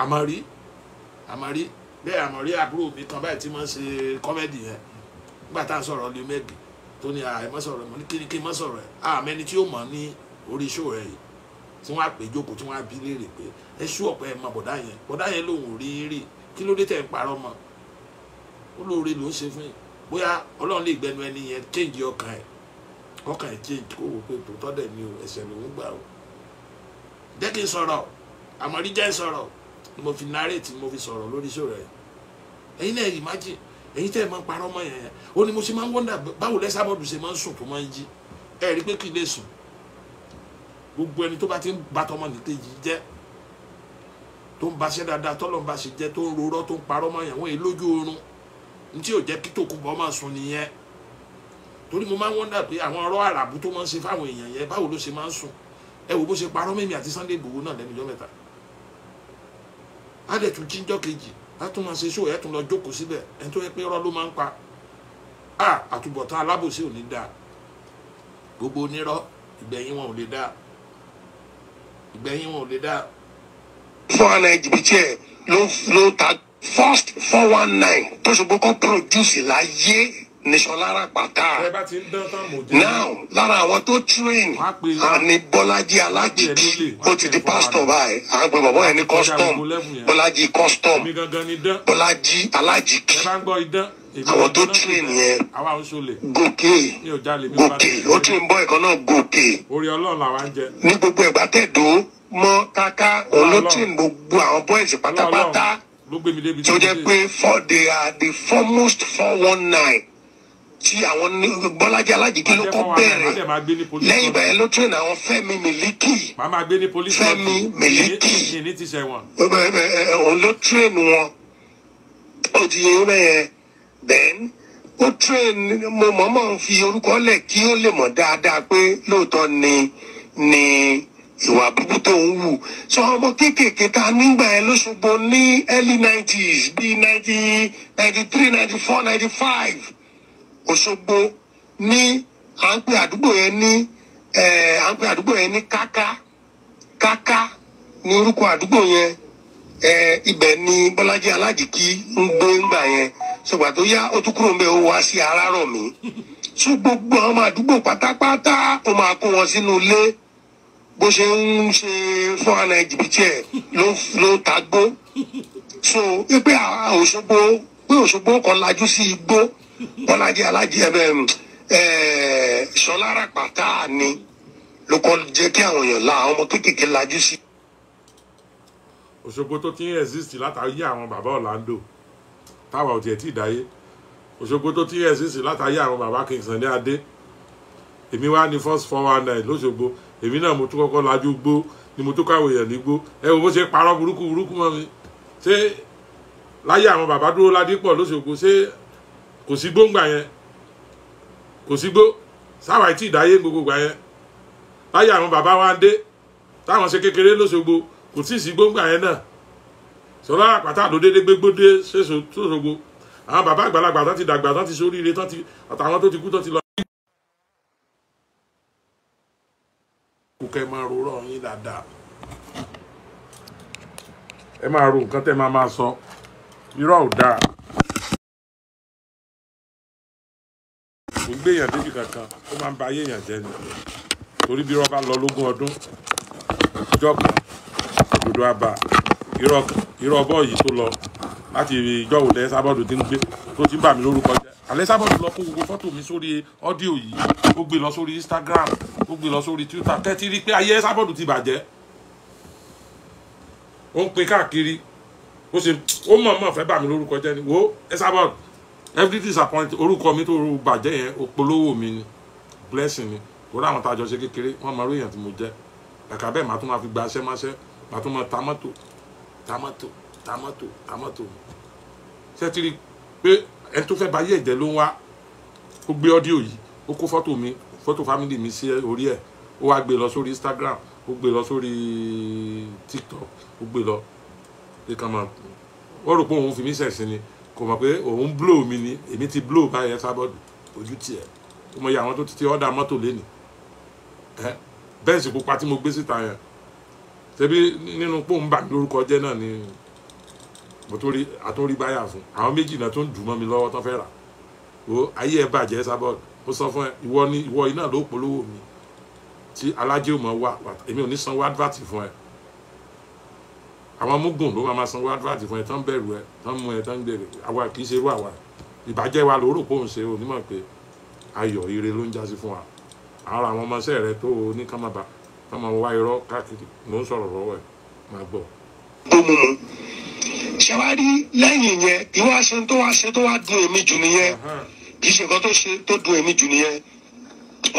àmọ̀rí ah, àmọ̀rí bẹ́ẹ̀ àmọ̀rí àbúrò mi kan báyìí tí mo ń ṣe kọ́mẹ́dì yẹn nígbà tá à sọ̀rọ̀ lé mẹ́gì tó ní àì ah, má sọ̀rọ̀ mo ní kí ni kí n má sọ̀rọ̀ ẹ̀ àmọ́ ah, ẹni tí ó mọ̀ ní orí iṣó rẹ̀ yìí tí wọ́n á pè jókòó tí wọ́n á bí léèrè pé ẹ ṣú ọ̀pẹ ẹ̀ mọ bọ̀dá yẹn bọ̀dá yẹn lòun ò rí rí kí ló dé tẹ̀ ń parọ́ mọ́ ó lóore ló ń ṣe fún yìí bóyá ọlọ́run lè gbẹnu ẹni yẹn change ọkàn ẹ̀ ọkàn ẹ̀ change kó wò pé tòótọ́ dẹ̀ ni o ẹ̀sẹ̀ lòun gbà o jẹ́ kí n sọ̀rọ̀ àmọ́ rí jẹ́ sọ̀rọ̀ mo fi narrate mo fi sọ̀rọ̀ lórí imagine èyí tẹ́ ẹ máa ń parọ́ mọ́ yẹn ó ní mo ṣe máa ń wọ́ndà báwo lẹ́sà bọ́ọ̀dù ṣe máa ń sùn tó máa ń jí ẹ rí i pé kí lè sùn gbogbo ẹni tó bá ti ń ba tọmọ nìkejì jẹ́ tó ń baṣẹ́ dáadáa tọ́lọ̀ ń baṣẹ́ jẹ́ tó ń rorọ́ tó ń parọ́ mọ́ yẹn wọ́n èyí lójú oorun ní tí yóò jẹ́ kí tòkunbọ̀ máa sùn nìyẹn torí mo máa ń wọ́ndà pé àwọn ọ̀rọ̀ àràbù tó máa ń ṣe fáwọn èèyàn yẹn a tún máa ṣe ṣó ẹ tún lọ jókòó síbẹ̀ ẹni tó yẹ pé irọ́ ló máa ń pa a àtúbọ̀tán alábòsí ò ní dáa gbogbo onírọ́ ìgbẹ̀yìn wọn ò lè dáa ìgbẹ̀yìn wọn ò lè dáa. fún àná jìbìtì ẹ ló ló ta first four one nine tó ṣubú kan produce láyé. Níṣọlá Àràpàtà. now lára àwọn tó train àní Bọ́lájí Alájìjí ó ti di pastor báyìí à ń pè bọ̀bọ̀ yẹn ní custom Bọ́lájí custom Bọ́lájí Alájìjí àwọn tó train yẹn gòkè gòkè ó ti ń bọ́ ẹ̀kan náà gòkè ní gbogbo ìgbà tẹ̀dó mọ́ káká òun ló train gbogbo àwọn boys pátápátá tó jẹ́ pé they are the foremost four one nine tí àwọn Bọ́lájí Alájìgí ló kọ́ bẹ̀rẹ̀ lẹ́yìn ìgbà yẹn ló tún ní àwọn Fẹ́mi Miliki Fẹ́mi Miliki òun ló tún ní wọn ó ti yẹ ewé then ó tún mo mọ̀ọ́mọ̀ ń fi orúkọ lẹ̀ kí ó lè mọ̀ dáadáa pé lóòótọ́ ni ni ìwà burúkú tó ń wù sọ ọmọ kéékèèké ta nígbà yẹn lóṣogbo ní early nineties bíi ninety ninety three ninety four ninety five. Òṣogbo ní à ń pè àdúgbò yẹn ní à ń pè àdúgbò yẹn ní káká káká ní orúkọ àdúgbò yẹn ibẹ̀ ni Bọ́lájí Alájìkí ń gbé ńgbà yẹn ṣùgbọ́n tó yá ó tún kúrò ń bẹ̀ ó wá sí Arárọ̀mí tí gbogbo àwọn àdúgbò pátápátá ó máa kó wọn sínú ilé bó ṣe ń ṣe fún àna jìbìtì ẹ ló ta gbó so pé Òṣogbo pé Òṣogbo kan lajú sí igbó. bọ́lájí alájí ẹ bẹ́ẹ̀ sọlá àràpàtà ni ló kọ́ jẹ́ kí àwọn èèyàn la àwọn ọmọ kéékèèké lajú sí. Òṣogbo tó ti ń exist látàrí àwọn bàbá Orlando táwa ò tiẹ̀ tí ì dáyé Òṣogbo tó ti ń exist látàrí àwọn bàbá Kingsande Adé èmi wá ní first four one nine lóṣogbo èmi náà mo tún kọ́kọ́ lajú gbó ni mo tún káwé èèyàn nígbó ẹ wo bó ṣe parọ́ burúkú burúkú mọ́ mi ṣé láyé àwọn bàbá dúró ládípọ̀ lóṣogbo ṣé kò sí gbóngbà yẹn kò sí gbó sáwà tí ìdáyé gbogbo gbà yẹn láyé àwọn bàbá wa ń dé táwọn ṣe kékeré lóṣogbo kò tí ì sí gbóngbà yẹn náà sọlá àpáta ló dédé gbégbó dé ṣèṣo tóṣogbo àwọn bàbá àgbàlagbà tán ti dàgbà tán ti ṣoríire tán ti àtàwọn tó ti kú tán ti lọ. kò kẹ́ máa ro ọ̀rọ̀ yín dáadáa ẹ máa ro nǹkan tẹ́ máa máa sọ irọ́ ò dáa. èèyàn débi kankan ó máa ń ba ayé èèyàn jẹ́ ni torí bí irọ́ bá lọ lógún ọdún ọjọ́ kan òdodo àbá irọ́ bọ́ yìí tó lọ láti ìjọ òde sábọ́ọ̀dù tí ń gbé tó ti ń bà mí lórúkọ jẹ́ alẹ́ sábọ́ọ̀dù lọ kó gbogbo fọ́tò mi sórí ọ́díò yìí ó gbé lọ sórí Instagram ó gbé lọ sórí Twitter tẹ́tí rí pé ayé sábọ́ọ̀dù ti bàjẹ́ ó ń pín káàkiri ó ṣe ó mọ̀ọ́mọ̀ fẹ́ bà mí lórúkọ jẹ́ ni wo ẹ sábọ́ọ̀dù every disappoint orúkọ mi tó bàjẹ́ yẹn òpolówó mi ni blessing ni kò àwọn tá a jọ ṣe kékeré wọ́n mọ orí èèyàn tí mo jẹ́ kàkà bẹ́ẹ̀ màá tún máa fi gba aṣẹ́ máṣẹ́ màá tún máa ta mọ́tò ta mọ́tò ta mọ́tò ta mọ́tò ṣé ti rí pé ẹni tó fẹ́ bá yẹ̀ jẹ́ ló ń wá ó gbé ọ́díò yìí ó kó fọ́tò mi fọ́tò fámìlì mi sí orí ẹ̀ ó wá gbé lọ sórí Instagram ó gbé lọ sórí TikTok ó gbé lọ pé kàn máa ó rò pé òun fi mí sẹ̀sìn ni kò mọ̀ pé òun blow mi ni èmi ti blow báyẹn sábọ́dù ojú tiẹ̀ ó mọ iye àwọn tó ti ti ọ́dà mọ́tò lé ni bẹ́ẹ̀sì pupa tí mo gbé síta yẹn ṣebí nínú pò ń bà mí lórúkọ jẹ́ náà ni mo tó rí àtúnrí báyà fún àwọn méjì náà tó ń dùn mọ́ mi lọ́wọ́ tó fẹ́ rà o ayé ẹ bàjẹ́ sábọ́dù mo sọ fún ẹ ìwọ ni ìwọ iná ló polówó mi tí alájẹ́ ò mọ̀ wá èmi ò ní sanwó advert fún ẹ àwọn mugun ló máa sanwó advert fún ẹ tán bẹ̀rù ẹ tán mú ẹ tán gbèrè àwa kì í ṣe irú àwa ìbàjẹ́ wa lòórò pòun ṣe onímọ̀ pé ayọ̀ ire ló ń jásí fún wa ara àwọn ọmọọṣẹ́ rẹ tó o ní ká má ba ká máa wá irọ́ káàkiri ló ń sọ̀rọ̀ lọ́wọ́ ẹ̀ máa gbọ́. ó mú mu ṣàwárí lẹ́yìn yẹn ìwà ṣe tó wá ṣe tó wá dùn èmi jù nìyẹn kì í ṣe nǹkan tó ṣe tó dùn èmi jù nìyẹn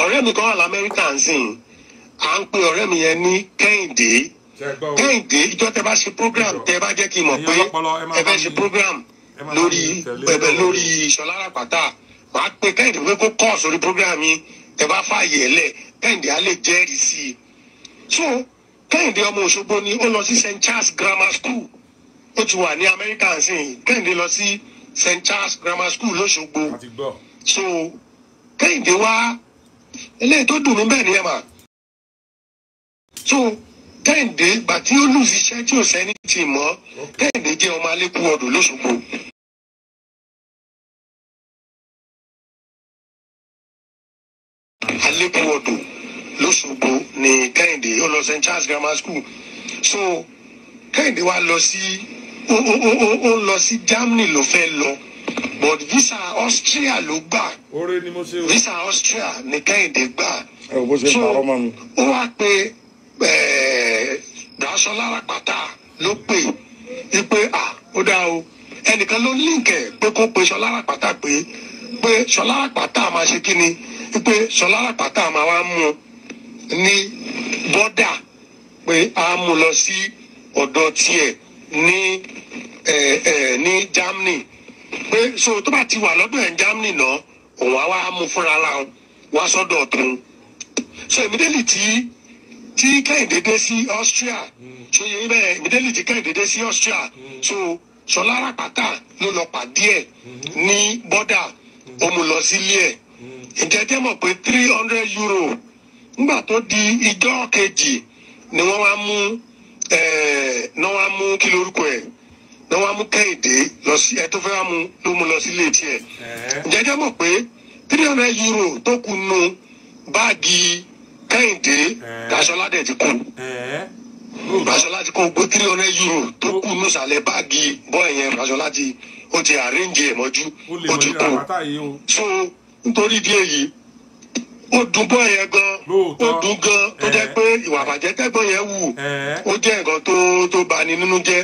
ọ̀rẹ́ mi kan wà lamẹ́ríkà ń sìn à ń pe ọ̀rẹ́ mi yẹn ní kẹ́hìndé kéde ìjọ tẹ bá ṣe program tẹ bá jẹ́ kí n mọ̀ pé ẹ fẹ́ ṣe program lórí ẹbẹ lórí ìṣọlá àràpàtà màá pe kẹ́hìndé pé kó kọ́ sórí program yìí tẹ bá fààyè ẹ̀ lẹ̀ kẹ́hìndé á lè jẹ́rìí sí i. so kẹ́hìndé ọmọ òṣogbo ni ó lọ sí st charles grammar school ó ti wà ní amẹ́ríkà nsìn kẹ́hìndé lọ sí st charles grammar school lọ́ṣogbo so kẹ́hìndé wá eléyìí tó dùn mí bẹ́ẹ̀ ni ẹ̀ mà so kẹ́hìndé gbà tí ó lùfíṣẹ́ tí ò sẹ́ni tì mọ́ kẹ́hìndé jẹ́ ọmọ alẹ́kùn ọdún lọ́sọ̀gbọ̀. alẹ́kùn ọdún lọ́sọ̀gbọ̀ ni kẹ́hìndé ó lọ st charles grammar school so kẹ́hìndé wa lọ sí ó ń lọ sí germany ló fẹ́ lọ but visa austria ló gbà visa austria ni kẹ́hìndé gbà so ó wá pé. Dàásọ Láràpàtà ló pè é pé à ó dá o ẹnìkan ló líǹkẹ̀ pé kó pe Ṣọlá Àràpàtà pé pé Ṣọlá Àràpàtà máa ṣe kí ni pé Ṣọlá Àràpàtà máa wá mú un ní bọ́dà pé a mú un lọ sí ọ̀dọ̀ tiẹ̀ ní ní Germany pé so tó bá ti wà lọ́dọ̀ ẹ̀ Germany náà òun á wá mú fúnra ra wá sọ́dọ̀ ọ̀tún so immediately tí. tí kẹ́hìndé dé sí Austria ṣe yẹ ibẹ̀ ìdílé dé sí Austria so Ṣọlá Àràpátá ló lọ ní bọ́dà pé three hundred euro nígbà tó di ìjọ́ kejì ni wọ́n wá mú ẹ̀ tó fẹ́ wá mú ló mú lọ three hundred euro tó kù nù kẹ́hìndé daṣọlá dẹ̀ ti kú daṣọlá ti kú gbé three hundred euro tó kù nùsàlẹ̀ báàgì bọ́ọ̀ yẹn daṣọlá ti ó ti arrange ẹ̀ mọ́jú ó ti kú so nítorí díẹ̀ yìí ó dùn bọ́ yẹn gan ó dùn gan tó jẹ́ pé ìwà àbàjẹ́ tẹ́gbọ́n yẹn wù ó jẹ́ nǹkan tó tó bani nínú jẹ́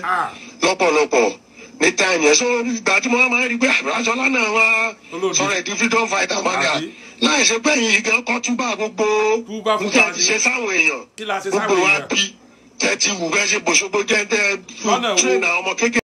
lọ́pọ̀lọpọ̀ ní táìmù ẹ̀ so gbajúmọ̀ máa ń rí pé àbúrájọ́lá náà wá sọ̀rọ̀ ìdí freedom fighter mania láì ṣe pé yìí gan kọ́ túbà gbogbo nǹkan àti ṣe sáwọn èèyàn gbogbo wa bí tẹ́tí wù bẹ́ẹ̀ ṣe bòṣogbo jẹ́ tẹ́ tún náà ọmọ kékeré.